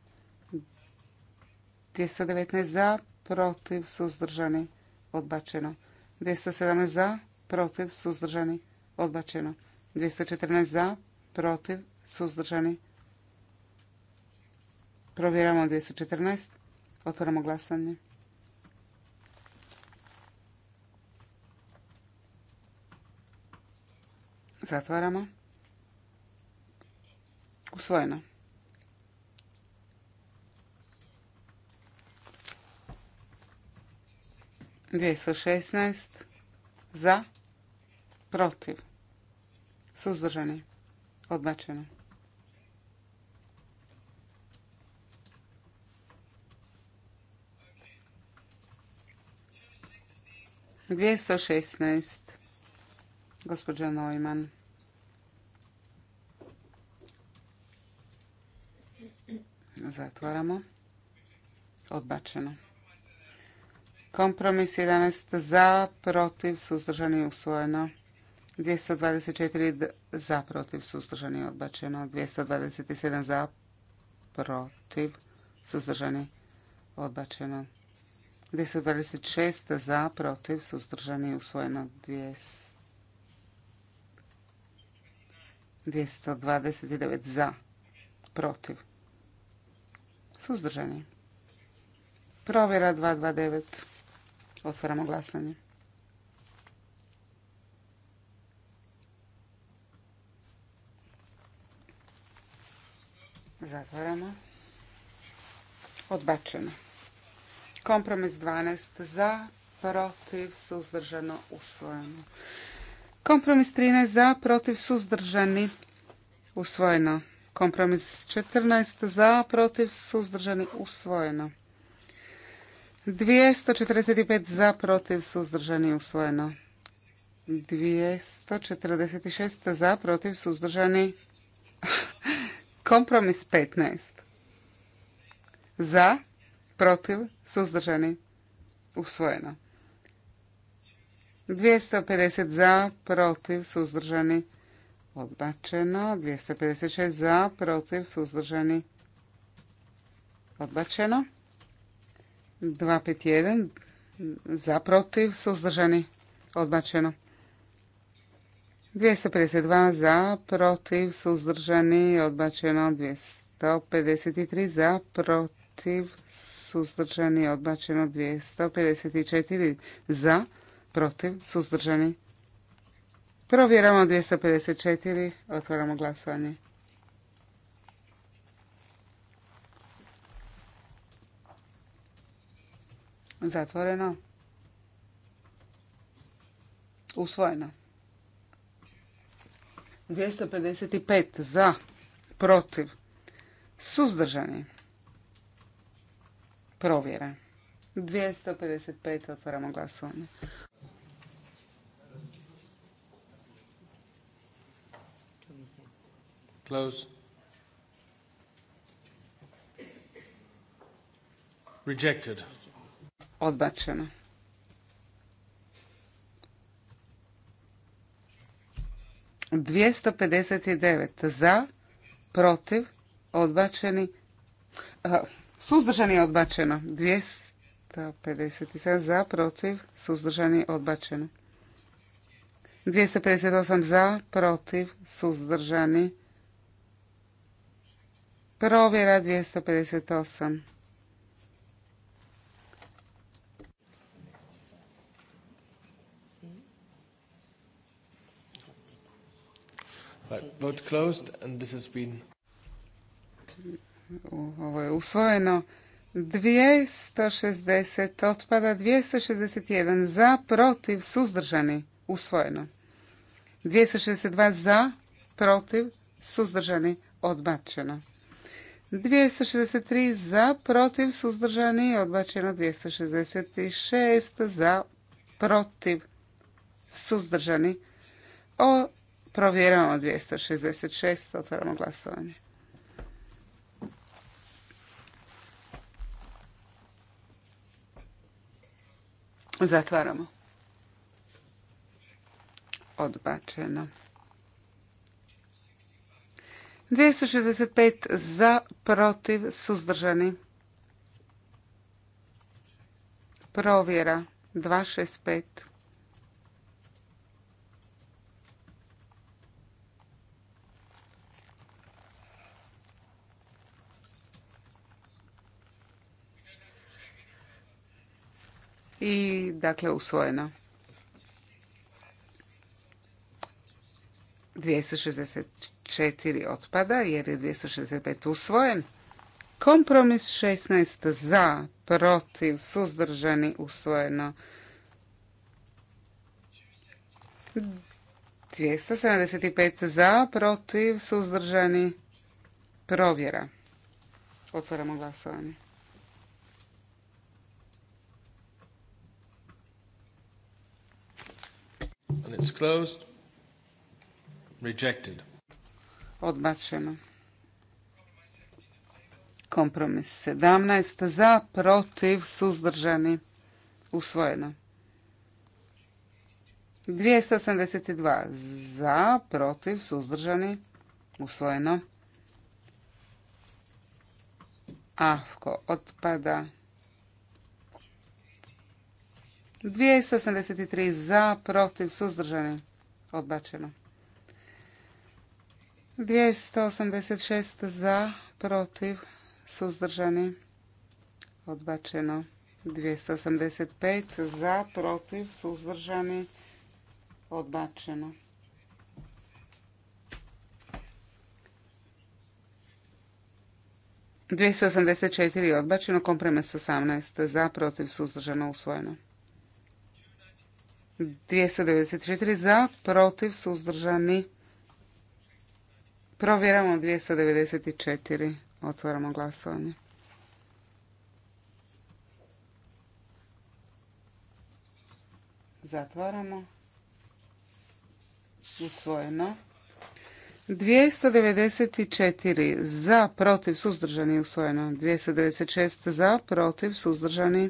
219 za, protiv, suzdržani, odbačeno. 217 za, protiv, suzdržani, odbačeno. 214 za, protiv, suzdržani, odbačeno Provjeramo 214. Otvaramo glasanje. Zatvaramo. Usvojeno. Dvijesto šesnaest. Za. Protiv. Suzdržani. Odbačeno. 216. Gospođa Neumann. Zatvaramo. Odbačeno. Kompromis 11 za, protiv, suzdržani, usvojeno. 224 za, protiv, suzdržani, odbačeno. 227 za, protiv, suzdržani, odbačeno. 226 za, protiv, suzdržani, usvojeno 229 za, protiv, suzdržani. Provjera 229. Otvaramo glasanje. Zatvaramo. Odbačeno. Kompromis 12 za, protiv, suzdržano, usvojeno. Kompromis 13 za, protiv, suzdržani, usvojeno. Kompromis 14 za, protiv, suzdržani, usvojeno. 245 za, protiv, suzdržani, usvojeno. 246 za, protiv, suzdržani, (laughs) kompromis 15. Za, protiv, suzdržani, usvojeno. 250 za, protiv, suzdržani, odbačeno. 256 za, protiv, suzdržani, odbačeno. 251 za, protiv, suzdržani, odbačeno. 252 za, protiv, suzdržani, odbačeno. 253 za, protiv protiv, suzdržani, odbačeno 254 za, protiv, suzdržani. Provjeramo 254, otvaramo glasovanje. Zatvoreno. Usvojeno. 255 za, protiv, suzdržani. Provjera. 255 otvaramo glasovanje. Close. Rejected. Odbačeno. dvjesto pedeset devet za, protiv, odbačeni, Suzdržan je odbačeno. 257 za, protiv, Suzdržan je odbačeno. 258 za, protiv, Suzdržan je Provjera 258. Right, closed and this has been ovo je usvojeno. 260 otpada, 261 za, protiv, suzdržani, usvojeno. 262 za, protiv, suzdržani, odbačeno. 263 za, protiv, suzdržani, odbačeno. 266 za, protiv, suzdržani. O, provjeravamo 266, otvaramo glasovanje. Zatvaramo. Odbačeno. 265 za, protiv, suzdržani. Provjera 265. i dakle usvojeno. 264 otpada jer je 265 usvojen. Kompromis 16 za, protiv, suzdržani, usvojeno. 275 za, protiv, suzdržani, provjera. Otvaramo glasovanje. it's closed. Rejected. Odbačeno. Kompromis 17 za, protiv, suzdržani, usvojeno. 282 za, protiv, suzdržani, usvojeno. AFKO odpada... 283 za, protiv, suzdržani. Odbačeno. 286 za, protiv, suzdržani. Odbačeno. 285 za, protiv, suzdržani. Odbačeno. 284. osamdeset odbačeno, kompromis 18. za, protiv, suzdržano, usvojeno. 294 za, protiv, suzdržani. Provjeramo 294. Otvaramo glasovanje. Zatvaramo. Usvojeno. 294 za, protiv, suzdržani, usvojeno. 296 za, protiv, suzdržani,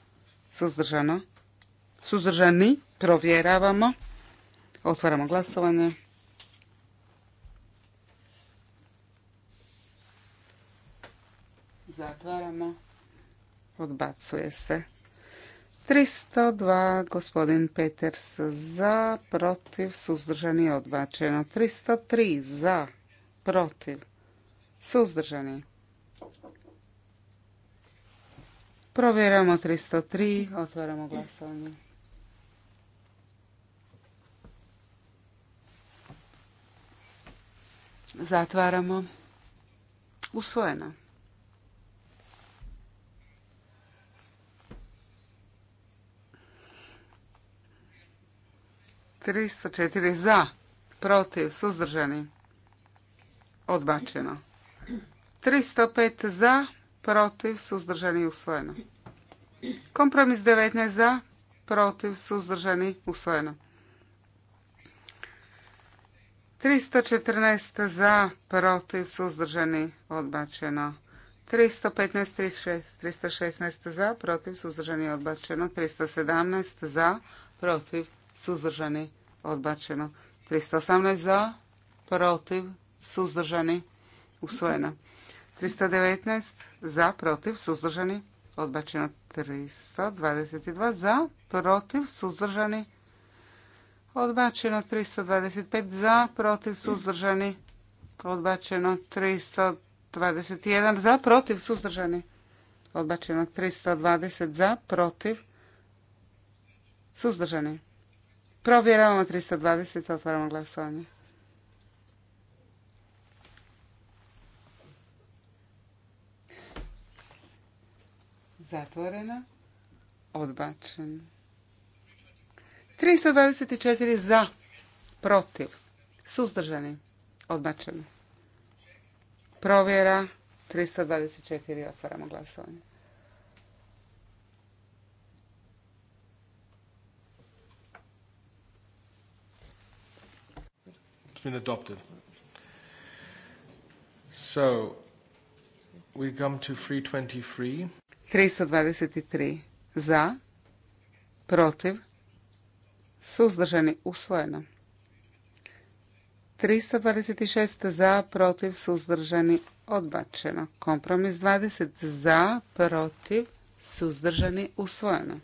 Suzdržano. Suzdržani. Provjeravamo. Otvaramo glasovanje. Zatvaramo. Odbacuje se. 302, gospodin Peters za, protiv, suzdržani, odbačeno. 303 za, protiv, suzdržani, Provjeramo 303, otvaramo glasovanje. Zatvaramo. Usvojeno. Tristo četiri za, protiv, suzdržani. Odbačeno. Tristo pet za, protiv, suzdržani, usvojeno. Kompromis 19 za, protiv, suzdržani, usvojeno. 314 za, protiv, suzdržani, odbačeno. 315, 36, 316 za, protiv, suzdržani, odbačeno. 317 za, protiv, suzdržani, odbačeno. 318 za, protiv, suzdržani, usvojeno. 319 za, protiv, suzdržani, odbačeno 322 za, protiv, suzdržani, odbačeno 325 za, protiv, suzdržani, odbačeno 321 za, protiv, suzdržani, odbačeno 320 za, protiv, suzdržani. Provjeravamo 320, otvaramo glasovanje. Zatvorena. Odbačen. 324 za. Protiv. Suzdržani. Odbačen. Provjera. 324. Otvaramo glasovanje. It's been adopted. So, we come to 323. 323 za, protiv, suzdržani, usvojeno. 326 za, protiv, suzdržani, odbačeno. Kompromis 20 za, protiv, suzdržani, usvojeno.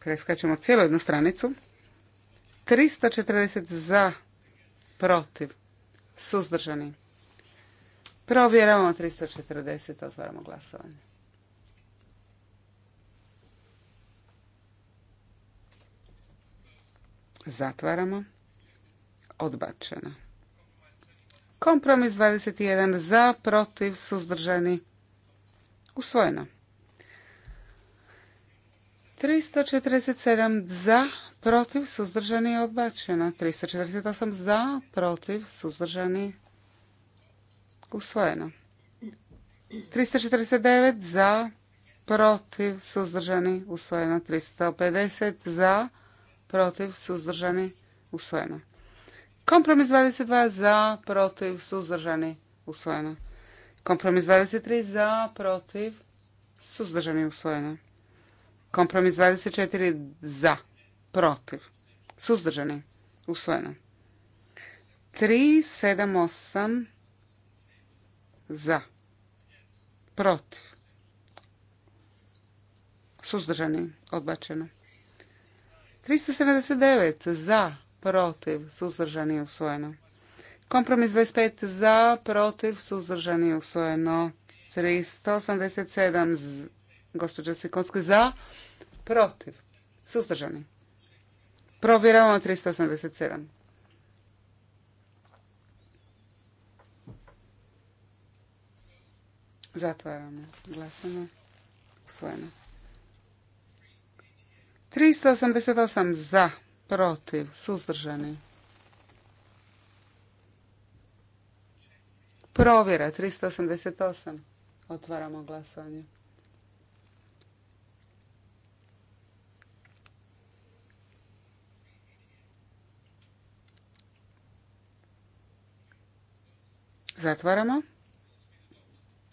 Preskačemo cijelu jednu stranicu. 340 za, protiv, suzdržani, Provjeravamo 340, otvaramo glasovanje. Zatvaramo. Odbačeno. Kompromis 21 za, protiv, suzdržani. Usvojeno. 347 za, protiv, suzdržani, odbačeno. 348 za, protiv, suzdržani, usvojeno. 349 za, protiv, suzdržani, usvojeno. 350 za, protiv, suzdržani, usvojeno. Kompromis 22 za, protiv, suzdržani, usvojeno. Kompromis 23 za, protiv, suzdržani, usvojeno. Kompromis 24 za, protiv, suzdržani, usvojeno. 378 za, protiv, suzdržani, odbačeno. 379 za, protiv, suzdržani, usvojeno. Kompromis 25 za, protiv, suzdržani, usvojeno. 387 gospođa Sikonska za, protiv, suzdržani. Provjeravamo 387. Zatvaramo glasanje. Usvojeno. 388 za, protiv, suzdržani. Provjera 388. Otvaramo glasanje. Zatvaramo.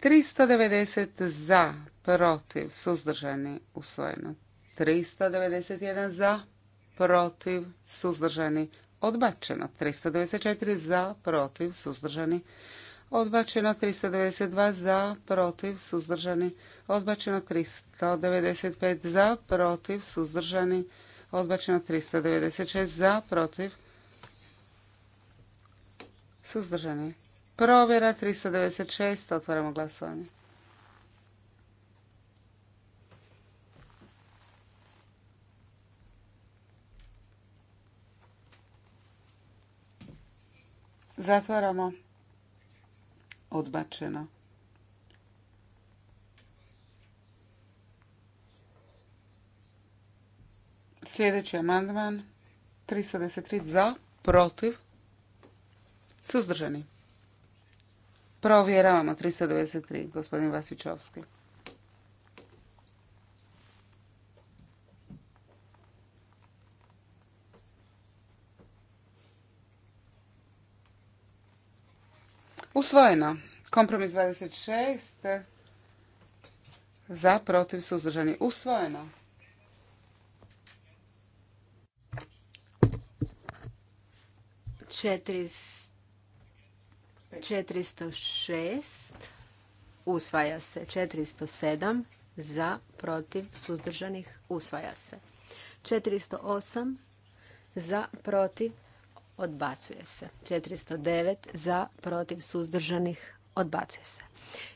390 za, protiv, suzdržani, usvojeno. 391 za, protiv, suzdržani, odbačeno. 394 za, protiv, suzdržani, odbačeno. 392 za, protiv, suzdržani, odbačeno. 395 za, protiv, suzdržani, odbačeno. 396 za, protiv, suzdržani. Provjera 396. Otvaramo glasovanje. Zatvaramo. Odbačeno. Sljedeći amandman. tri za, protiv, suzdržani. Provjeravamo 393, gospodin Vasičovski. Usvojeno. Kompromis 26. Za, protiv, suzdržani. Usvojeno. Četiri 406 usvaja se. 407 za, protiv, suzdržanih usvaja se. 408 za, protiv, odbacuje se. 409 za, protiv, suzdržanih odbacuje se.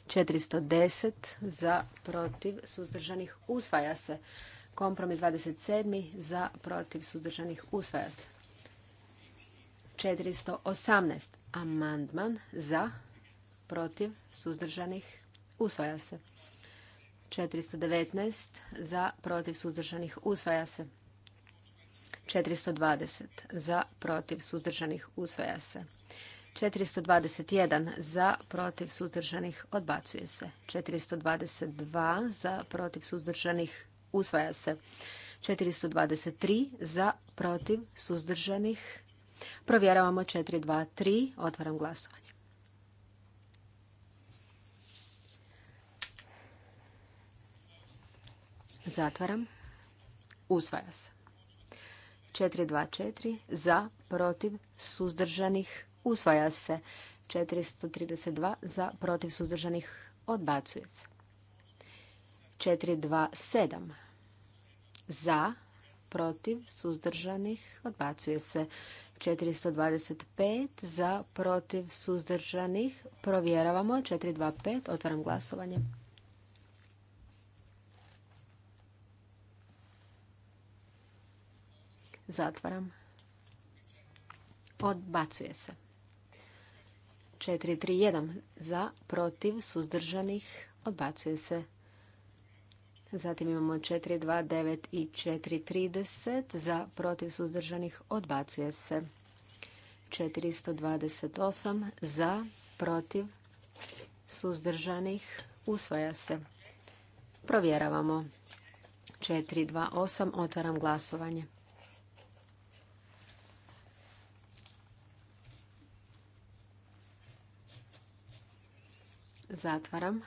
410 za, protiv, suzdržanih usvaja se. Kompromis 27 za, protiv, suzdržanih usvaja se. 418. Amandman za, protiv, suzdržanih, usvaja se. 419. Za, protiv, suzdržanih, usvaja se. 420. Za, protiv, suzdržanih, usvaja se. 421 za, protiv, suzdržanih, odbacuje se. 422 za, protiv, suzdržanih, usvaja se. 423 za, protiv, suzdržanih, Provjeravamo 4, 2, 3. Otvoram glasovanje. Zatvoram. Usvaja se. 4, 2, 4. Za, protiv, suzdržanih. Usvaja se. 432. Za, protiv, suzdržanih. Odbacuje se. 4, 2, 7. Za, protiv, suzdržanih. Odbacuje se. 4, 2, 7. 425 za protiv suzdržanih. Provjeravamo 425. Otvaram glasovanje. Zatvaram. Odbacuje se. 431 za protiv suzdržanih. Odbacuje se. Zatim imamo 429 i 430 za protiv suzdržanih odbacuje se. 428 za protiv suzdržanih usvaja se. Provjeravamo. 428 otvaram glasovanje. Zatvaram.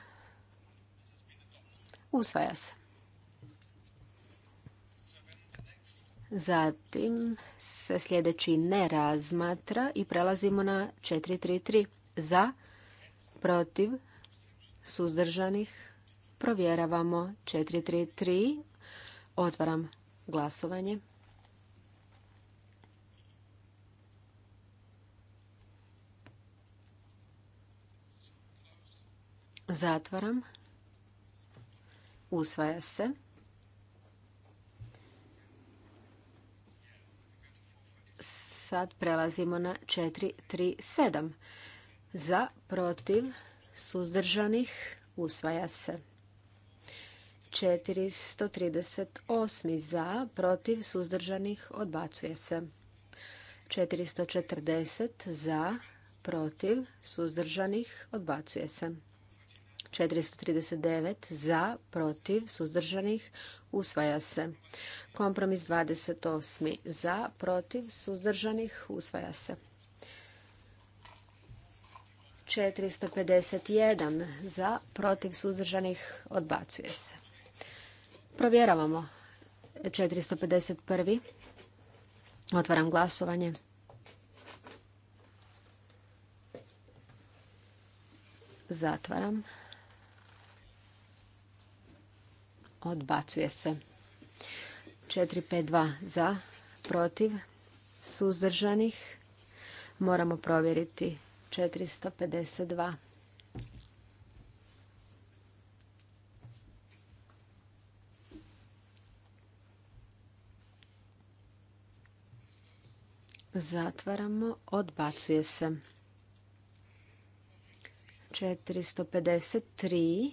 Usvaja se. Zatim se sljedeći ne razmatra i prelazimo na 433. Za, protiv, suzdržanih. Provjeravamo 433. Otvaram glasovanje. Zatvaram. Usvaja se. Sad prelazimo na 437. Za, protiv, suzdržanih, usvaja se. 438. Za, protiv, suzdržanih, odbacuje se. 440. Za, protiv, suzdržanih, odbacuje se. 439 za, protiv, suzdržanih, usvaja se. Kompromis 28 za, protiv, suzdržanih, usvaja se. 451 za, protiv, suzdržanih, odbacuje se. Provjeravamo. 451. Otvaram glasovanje. Zatvaram. odbacuje se. 452 za, protiv, suzdržanih. Moramo provjeriti 452. Zatvaramo, odbacuje se. 453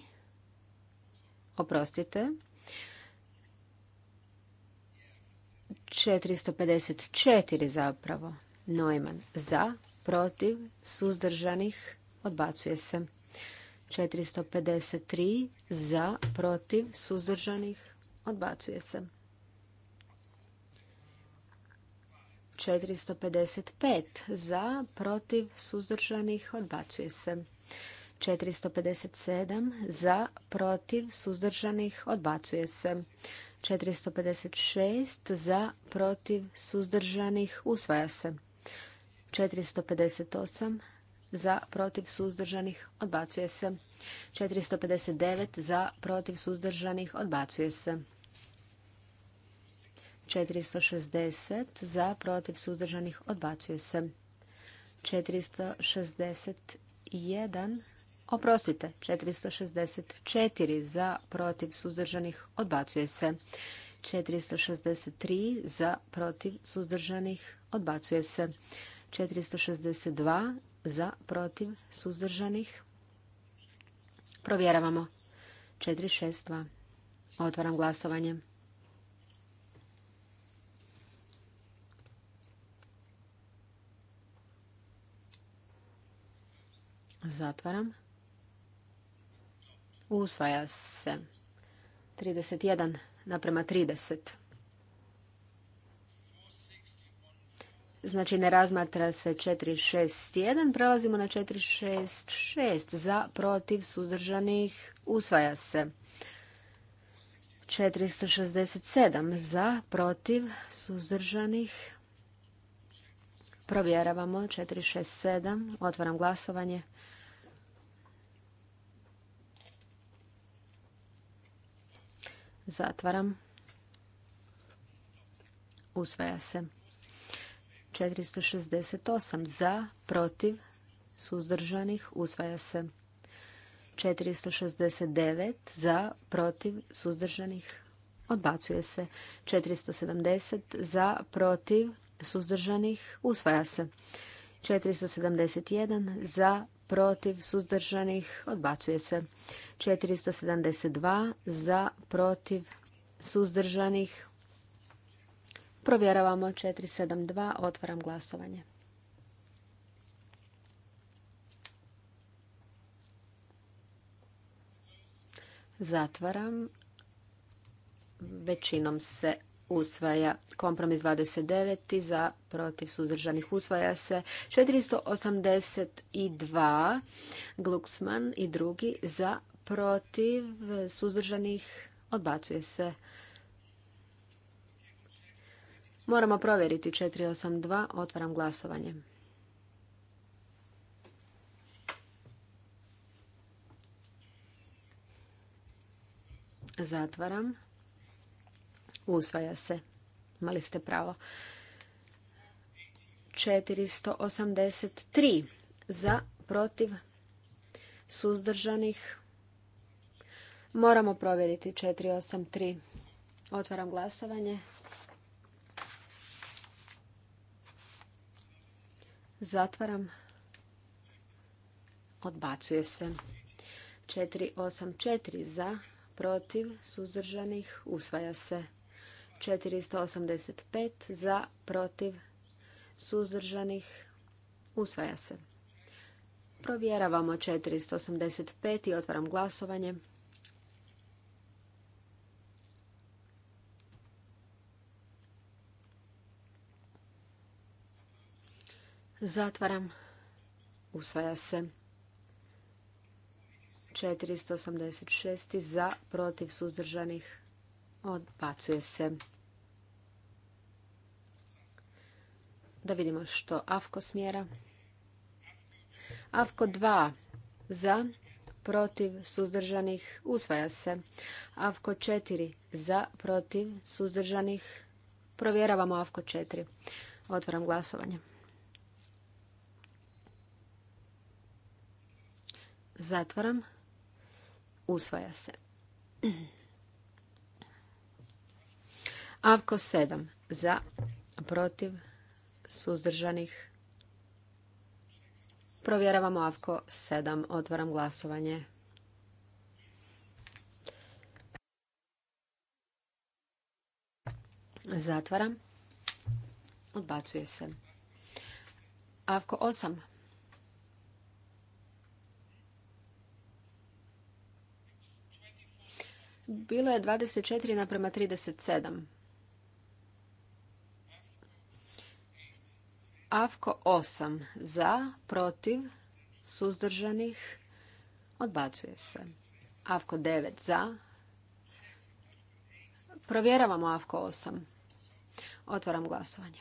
oprostite. 454 zapravo. Neumann za, protiv, suzdržanih, odbacuje se. 453 za, protiv, suzdržanih, odbacuje se. 455 za, protiv, suzdržanih, odbacuje se. 457 za, protiv, suzdržanih, odbacuje se. 456 za, protiv, suzdržanih, usvaja se. 458 za, protiv, suzdržanih, odbacuje se. 459 za, protiv, suzdržanih, odbacuje se. 460 za, protiv, suzdržanih, odbacuje se. 461 Oprostite, 464 za, protiv, suzdržanih, odbacuje se. 463 za, protiv, suzdržanih, odbacuje se. 462 za, protiv, suzdržanih. Provjeravamo. 462. Otvaram glasovanje. Zatvaram. Usvaja se. 31 naprema 30. Znači ne razmatra se 461, prelazimo na 466 za protiv suzdržanih usvaja se. 467 za protiv suzdržanih Provjeravamo 467. Otvaram glasovanje. Zatvaram. Usvaja se. 468 za, protiv, suzdržanih, usvaja se. 469 za, protiv, suzdržanih, odbacuje se. 470 za, protiv, suzdržanih, usvaja se. 471 za, protiv, suzdržanih, odbacuje se. 472 za, protiv, suzdržanih. Provjeravamo 472, otvaram glasovanje. Zatvaram. Većinom se usvaja. Kompromis 29. za protiv suzdržanih usvaja se. 482. Glucksmann i drugi za protiv suzdržanih odbacuje se. Moramo provjeriti 482. Otvaram glasovanje. Zatvaram. Usvaja se. Imali ste pravo. 483 za, protiv, suzdržanih. Moramo provjeriti 483. Otvaram glasovanje. Zatvaram. Odbacuje se. 484 za, protiv, suzdržanih. Usvaja se. 485 za, protiv, suzdržanih, usvaja se. Provjeravamo 485 i otvaram glasovanje. Zatvaram. Usvaja se. 486 za, protiv, suzdržanih, Odbacuje se. Da vidimo što AFKO smjera. AFKO 2 za, protiv, suzdržanih, usvaja se. AFKO 4 za, protiv, suzdržanih, provjeravamo AFKO 4. Otvaram glasovanje. Zatvaram. Usvaja se. (clears throat) Avko 7 za, protiv, suzdržanih. Provjeravamo Avko 7. Otvaram glasovanje. Zatvaram. Odbacuje se. Avko 8. Bilo je 24 naprema 37. Avko 8 za, protiv, suzdržanih, odbacuje se. Avko 9 za. Provjeravamo Avko 8. Otvaram glasovanje.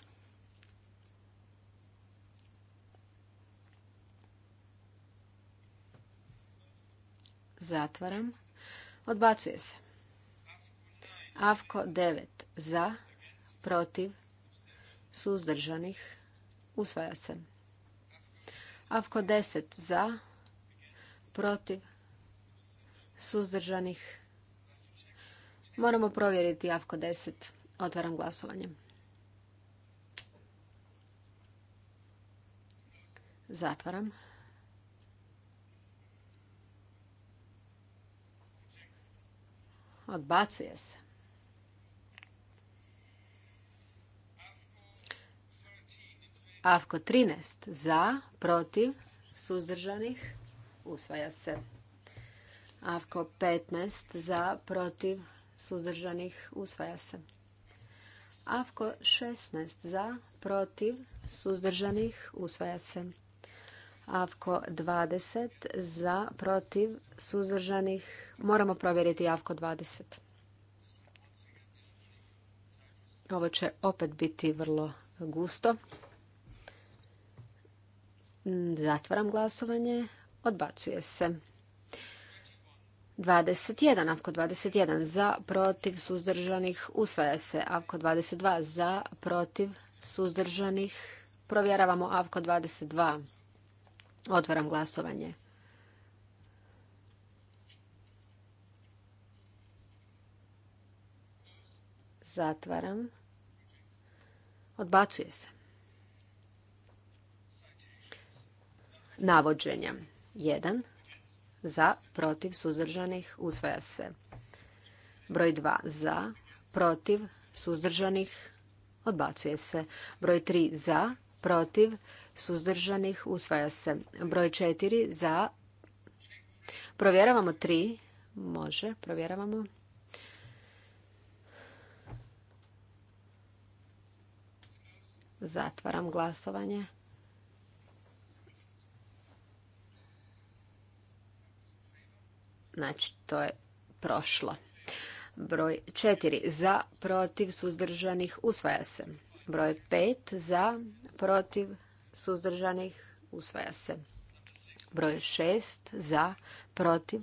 Zatvaram. Odbacuje se. Avko 9 za, protiv, suzdržanih, Usvaja se. Avko 10 za, protiv, suzdržanih. Moramo provjeriti Avko 10. Otvaram glasovanje. Zatvaram. Odbacuje se. Avko 13 za, protiv, suzdržanih, usvaja se. Avko 15 za, protiv, suzdržanih, usvaja se. Avko 16 za, protiv, suzdržanih, usvaja se. Avko 20 za, protiv, suzdržanih, moramo provjeriti Avko 20. Ovo će opet biti vrlo gusto. Zatvaram glasovanje. Odbacuje se. 21. Avko 21. Za, protiv, suzdržanih. Usvaja se. Avko 22. Za, protiv, suzdržanih. Provjeravamo Avko 22. Otvaram glasovanje. Zatvaram. Odbacuje se. navođenja. 1. Za, protiv, suzdržanih, usvaja se. Broj 2. Za, protiv, suzdržanih, odbacuje se. Broj 3. Za, protiv, suzdržanih, usvaja se. Broj 4. Za, provjeravamo 3. Može, provjeravamo. Zatvaram glasovanje. Znači, to je prošlo. Broj 4. Za, protiv, suzdržanih, usvaja se. Broj 5. Za, protiv, suzdržanih, usvaja se. Broj 6. Za, protiv,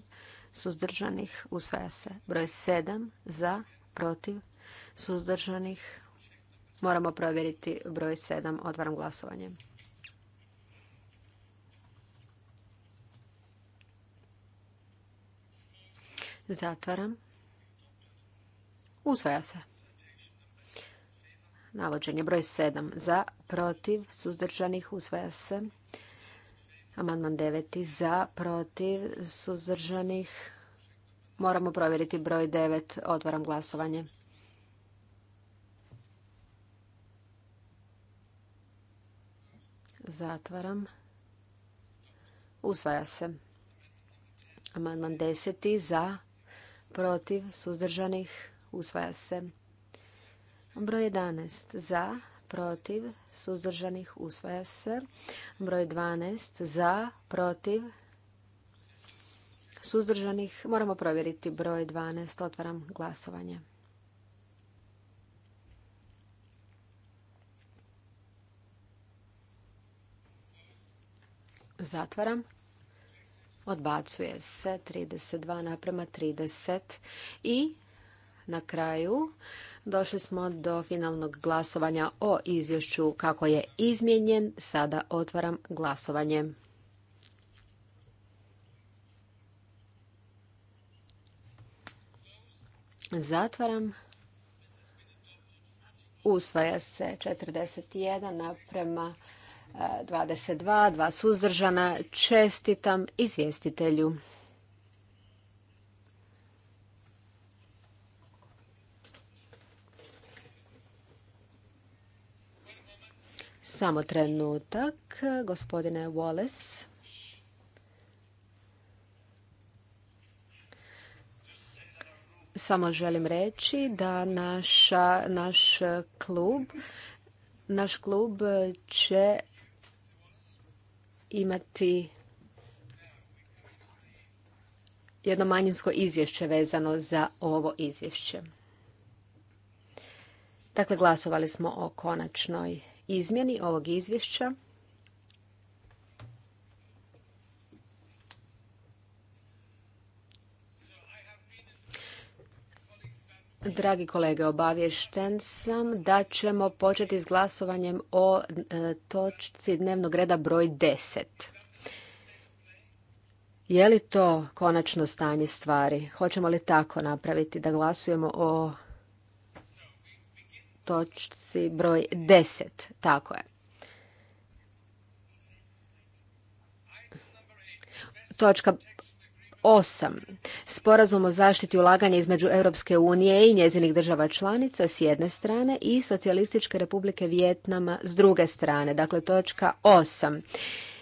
suzdržanih, usvaja se. Broj 7. Za, protiv, suzdržanih, Moramo provjeriti broj 7. Otvaram glasovanje. Zatvaram. Usvaja se. Navođenje broj 7. Za, protiv, suzdržanih, usvaja se. Amandman 9. Za, protiv, suzdržanih. Moramo provjeriti broj 9. Otvaram glasovanje. Zatvaram. Usvaja se. Amandman 10. Za, protiv, suzdržanih, usvaja se. Broj 11 za, protiv, suzdržanih, usvaja se. Broj 12 za, protiv, suzdržanih. Moramo provjeriti broj 12. Otvaram glasovanje. Zatvaram. Odbacuje se 32 naprema 30. I na kraju došli smo do finalnog glasovanja o izvješću kako je izmijenjen. Sada otvaram glasovanje. Zatvaram. Usvaja se 41 naprema 22, dva suzdržana. Čestitam izvjestitelju. Samo trenutak, gospodine Wallace. Samo želim reći da naš klub naš klub će imati jedno manjinsko izvješće vezano za ovo izvješće. Dakle, glasovali smo o konačnoj izmjeni ovog izvješća. Dragi kolege, obavješten sam da ćemo početi s glasovanjem o e, točci dnevnog reda broj 10. Je li to konačno stanje stvari? Hoćemo li tako napraviti da glasujemo o točci broj 10? Tako je. Točka 8. Sporazum o zaštiti ulaganja između Europske unije i njezinih država članica s jedne strane i Socijalističke republike Vijetnama s druge strane, dakle točka 8.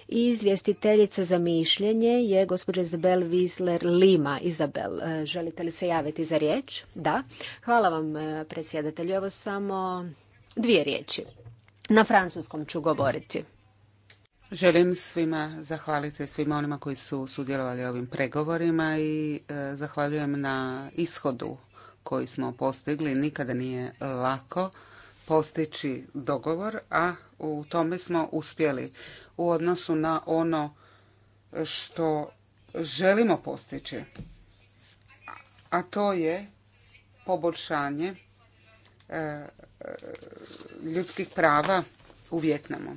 Izvjestiteljica za mišljenje je gospođa Izabel Wiesler Lima. Izabel, e, želite li se javiti za riječ? Da. Hvala vam e, predsjedatelju. Evo samo dvije riječi. Na francuskom ću govoriti. Želim svima zahvaliti, svima onima koji su sudjelovali ovim pregovorima i e, zahvaljujem na ishodu koji smo postigli. Nikada nije lako postići dogovor, a u tome smo uspjeli u odnosu na ono što želimo postići, a to je poboljšanje e, e, ljudskih prava u Vjetnamu.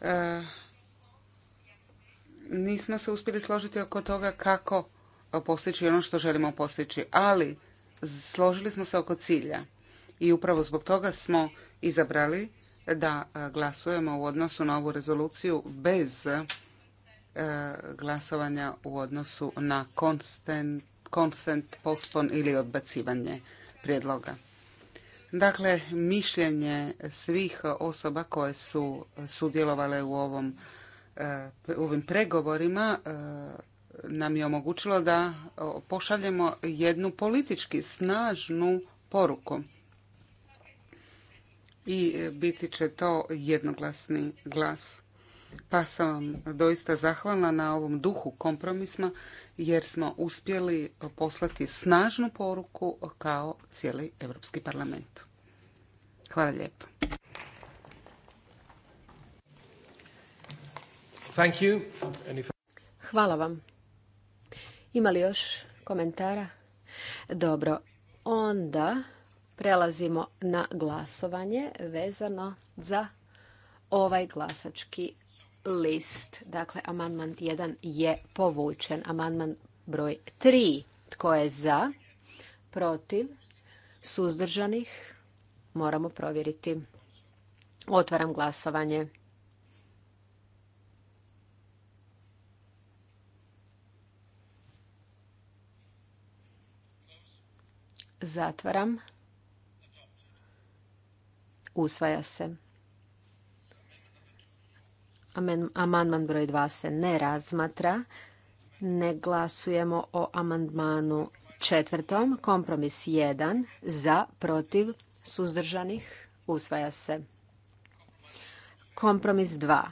E, nismo se uspjeli složiti oko toga kako postići ono što želimo postići, ali složili smo se oko cilja i upravo zbog toga smo izabrali da e, glasujemo u odnosu na ovu rezoluciju bez e, glasovanja u odnosu na konstant, pospon ili odbacivanje prijedloga. Dakle, mišljenje svih osoba koje su sudjelovale u ovom, e, u ovim pregovorima e, nam je omogućilo da e, pošaljemo jednu politički snažnu poruku. I biti će to jednoglasni glas pa sam vam doista zahvalna na ovom duhu kompromisma jer smo uspjeli poslati snažnu poruku kao cijeli Europski parlament. Hvala lijepo. Hvala vam. Ima li još komentara? Dobro, onda prelazimo na glasovanje vezano za ovaj glasački list. Dakle, amandman 1 je povučen. Amandman broj 3. Tko je za? Protiv? Suzdržanih? Moramo provjeriti. Otvaram glasovanje. Zatvaram. Usvaja se. Amandman broj 2 se ne razmatra. Ne glasujemo o amandmanu četvrtom. Kompromis 1 za, protiv, suzdržanih. Usvaja se. Kompromis 2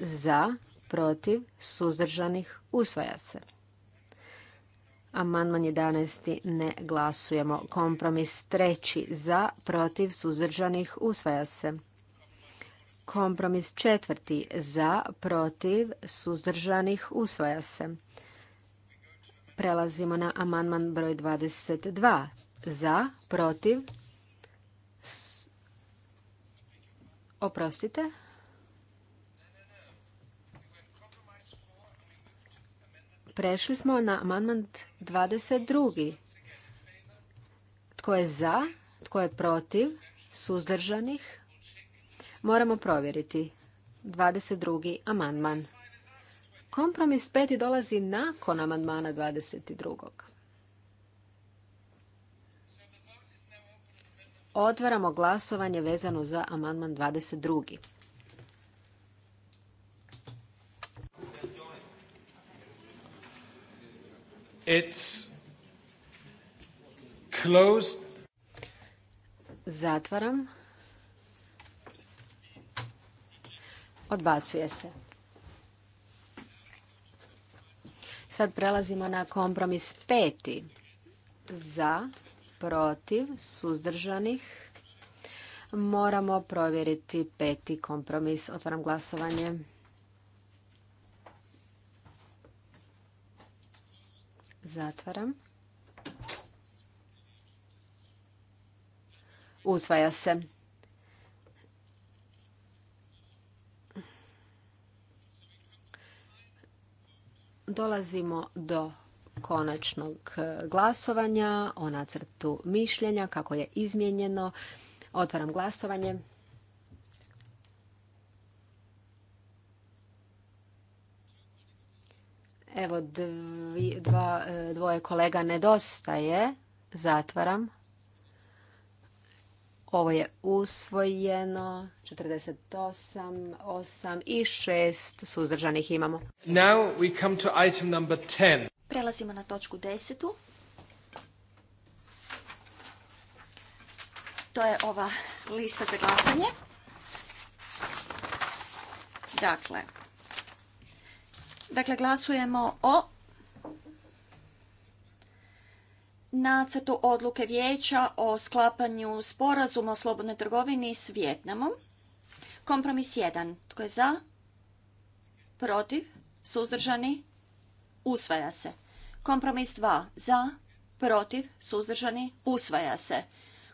za, protiv, suzdržanih. Usvaja se. Amandman 11. ne glasujemo. Kompromis 3. za, protiv, suzdržanih. Usvaja se. Kompromis četvrti za, protiv, suzdržanih, usvaja se. Prelazimo na amandman broj 22. Za, protiv, oprostite. Prešli smo na amandman 22. Tko je za, tko je protiv, suzdržanih, Moramo provjeriti. 22. amandman. Kompromis pet dolazi nakon amandmana 22. Otvaramo glasovanje vezano za amandman 22. Zatvaram. Odbacuje se. Sad prelazimo na kompromis peti. Za, protiv, suzdržanih. Moramo provjeriti peti kompromis. Otvaram glasovanje. Zatvaram. Usvaja se. dolazimo do konačnog e, glasovanja o nacrtu mišljenja kako je izmijenjeno. Otvaram glasovanje. Evo e, dvoje kolega nedostaje. Zatvaram. Ovo je usvojeno. 48, 8 i 6 suzdržanih imamo. Now we come to item number 10. Prelazimo na točku 10. To je ova lista za glasanje. Dakle, dakle glasujemo o nacrtu odluke vijeća o sklapanju sporazuma o slobodnoj trgovini s Vijetnamom. Kompromis 1. Tko je za? Protiv? Suzdržani? Usvaja se. Kompromis 2. Za? Protiv? Suzdržani? Usvaja se.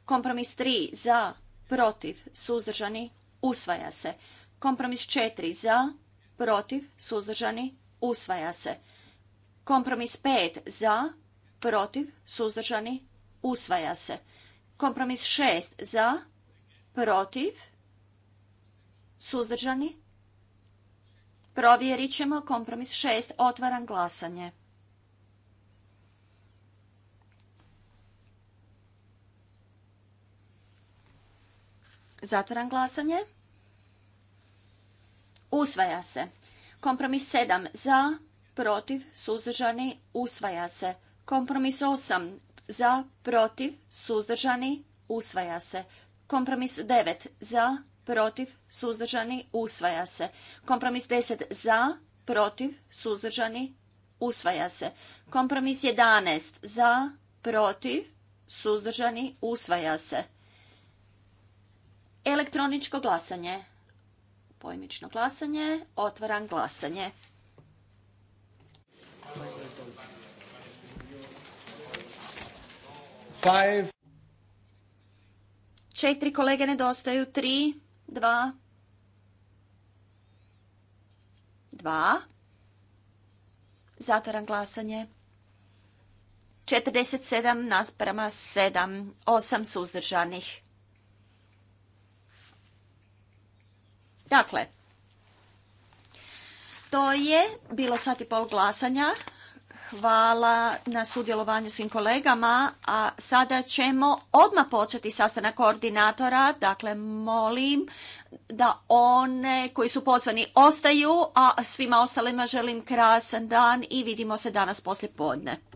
Kompromis 3. Za? Protiv? Suzdržani? Usvaja se. Kompromis 4. Za? Protiv? Suzdržani? Usvaja se. Kompromis 5. Za? protiv, suzdržani, usvaja se. Kompromis šest. za, protiv, suzdržani, provjerit ćemo kompromis šest. otvaram glasanje. Zatvaram glasanje. Usvaja se. Kompromis 7 za, protiv, suzdržani, usvaja se. Kompromis 8. Za, protiv, suzdržani, usvaja se. Kompromis 9. Za, protiv, suzdržani, usvaja se. Kompromis 10. Za, protiv, suzdržani, usvaja se. Kompromis 11. Za, protiv, suzdržani, usvaja se. Elektroničko glasanje. Pojmično glasanje. Otvaram glasanje. Five. Četiri kolege nedostaju. Tri, dva, dva. Zatvaram glasanje. 47 nasprama 7, 8 suzdržanih. Dakle, to je bilo sat i pol glasanja. Hvala na sudjelovanju svim kolegama, a sada ćemo odmah početi sastanak koordinatora, dakle molim da one koji su pozvani ostaju, a svima ostalima želim krasan dan i vidimo se danas poslije podne.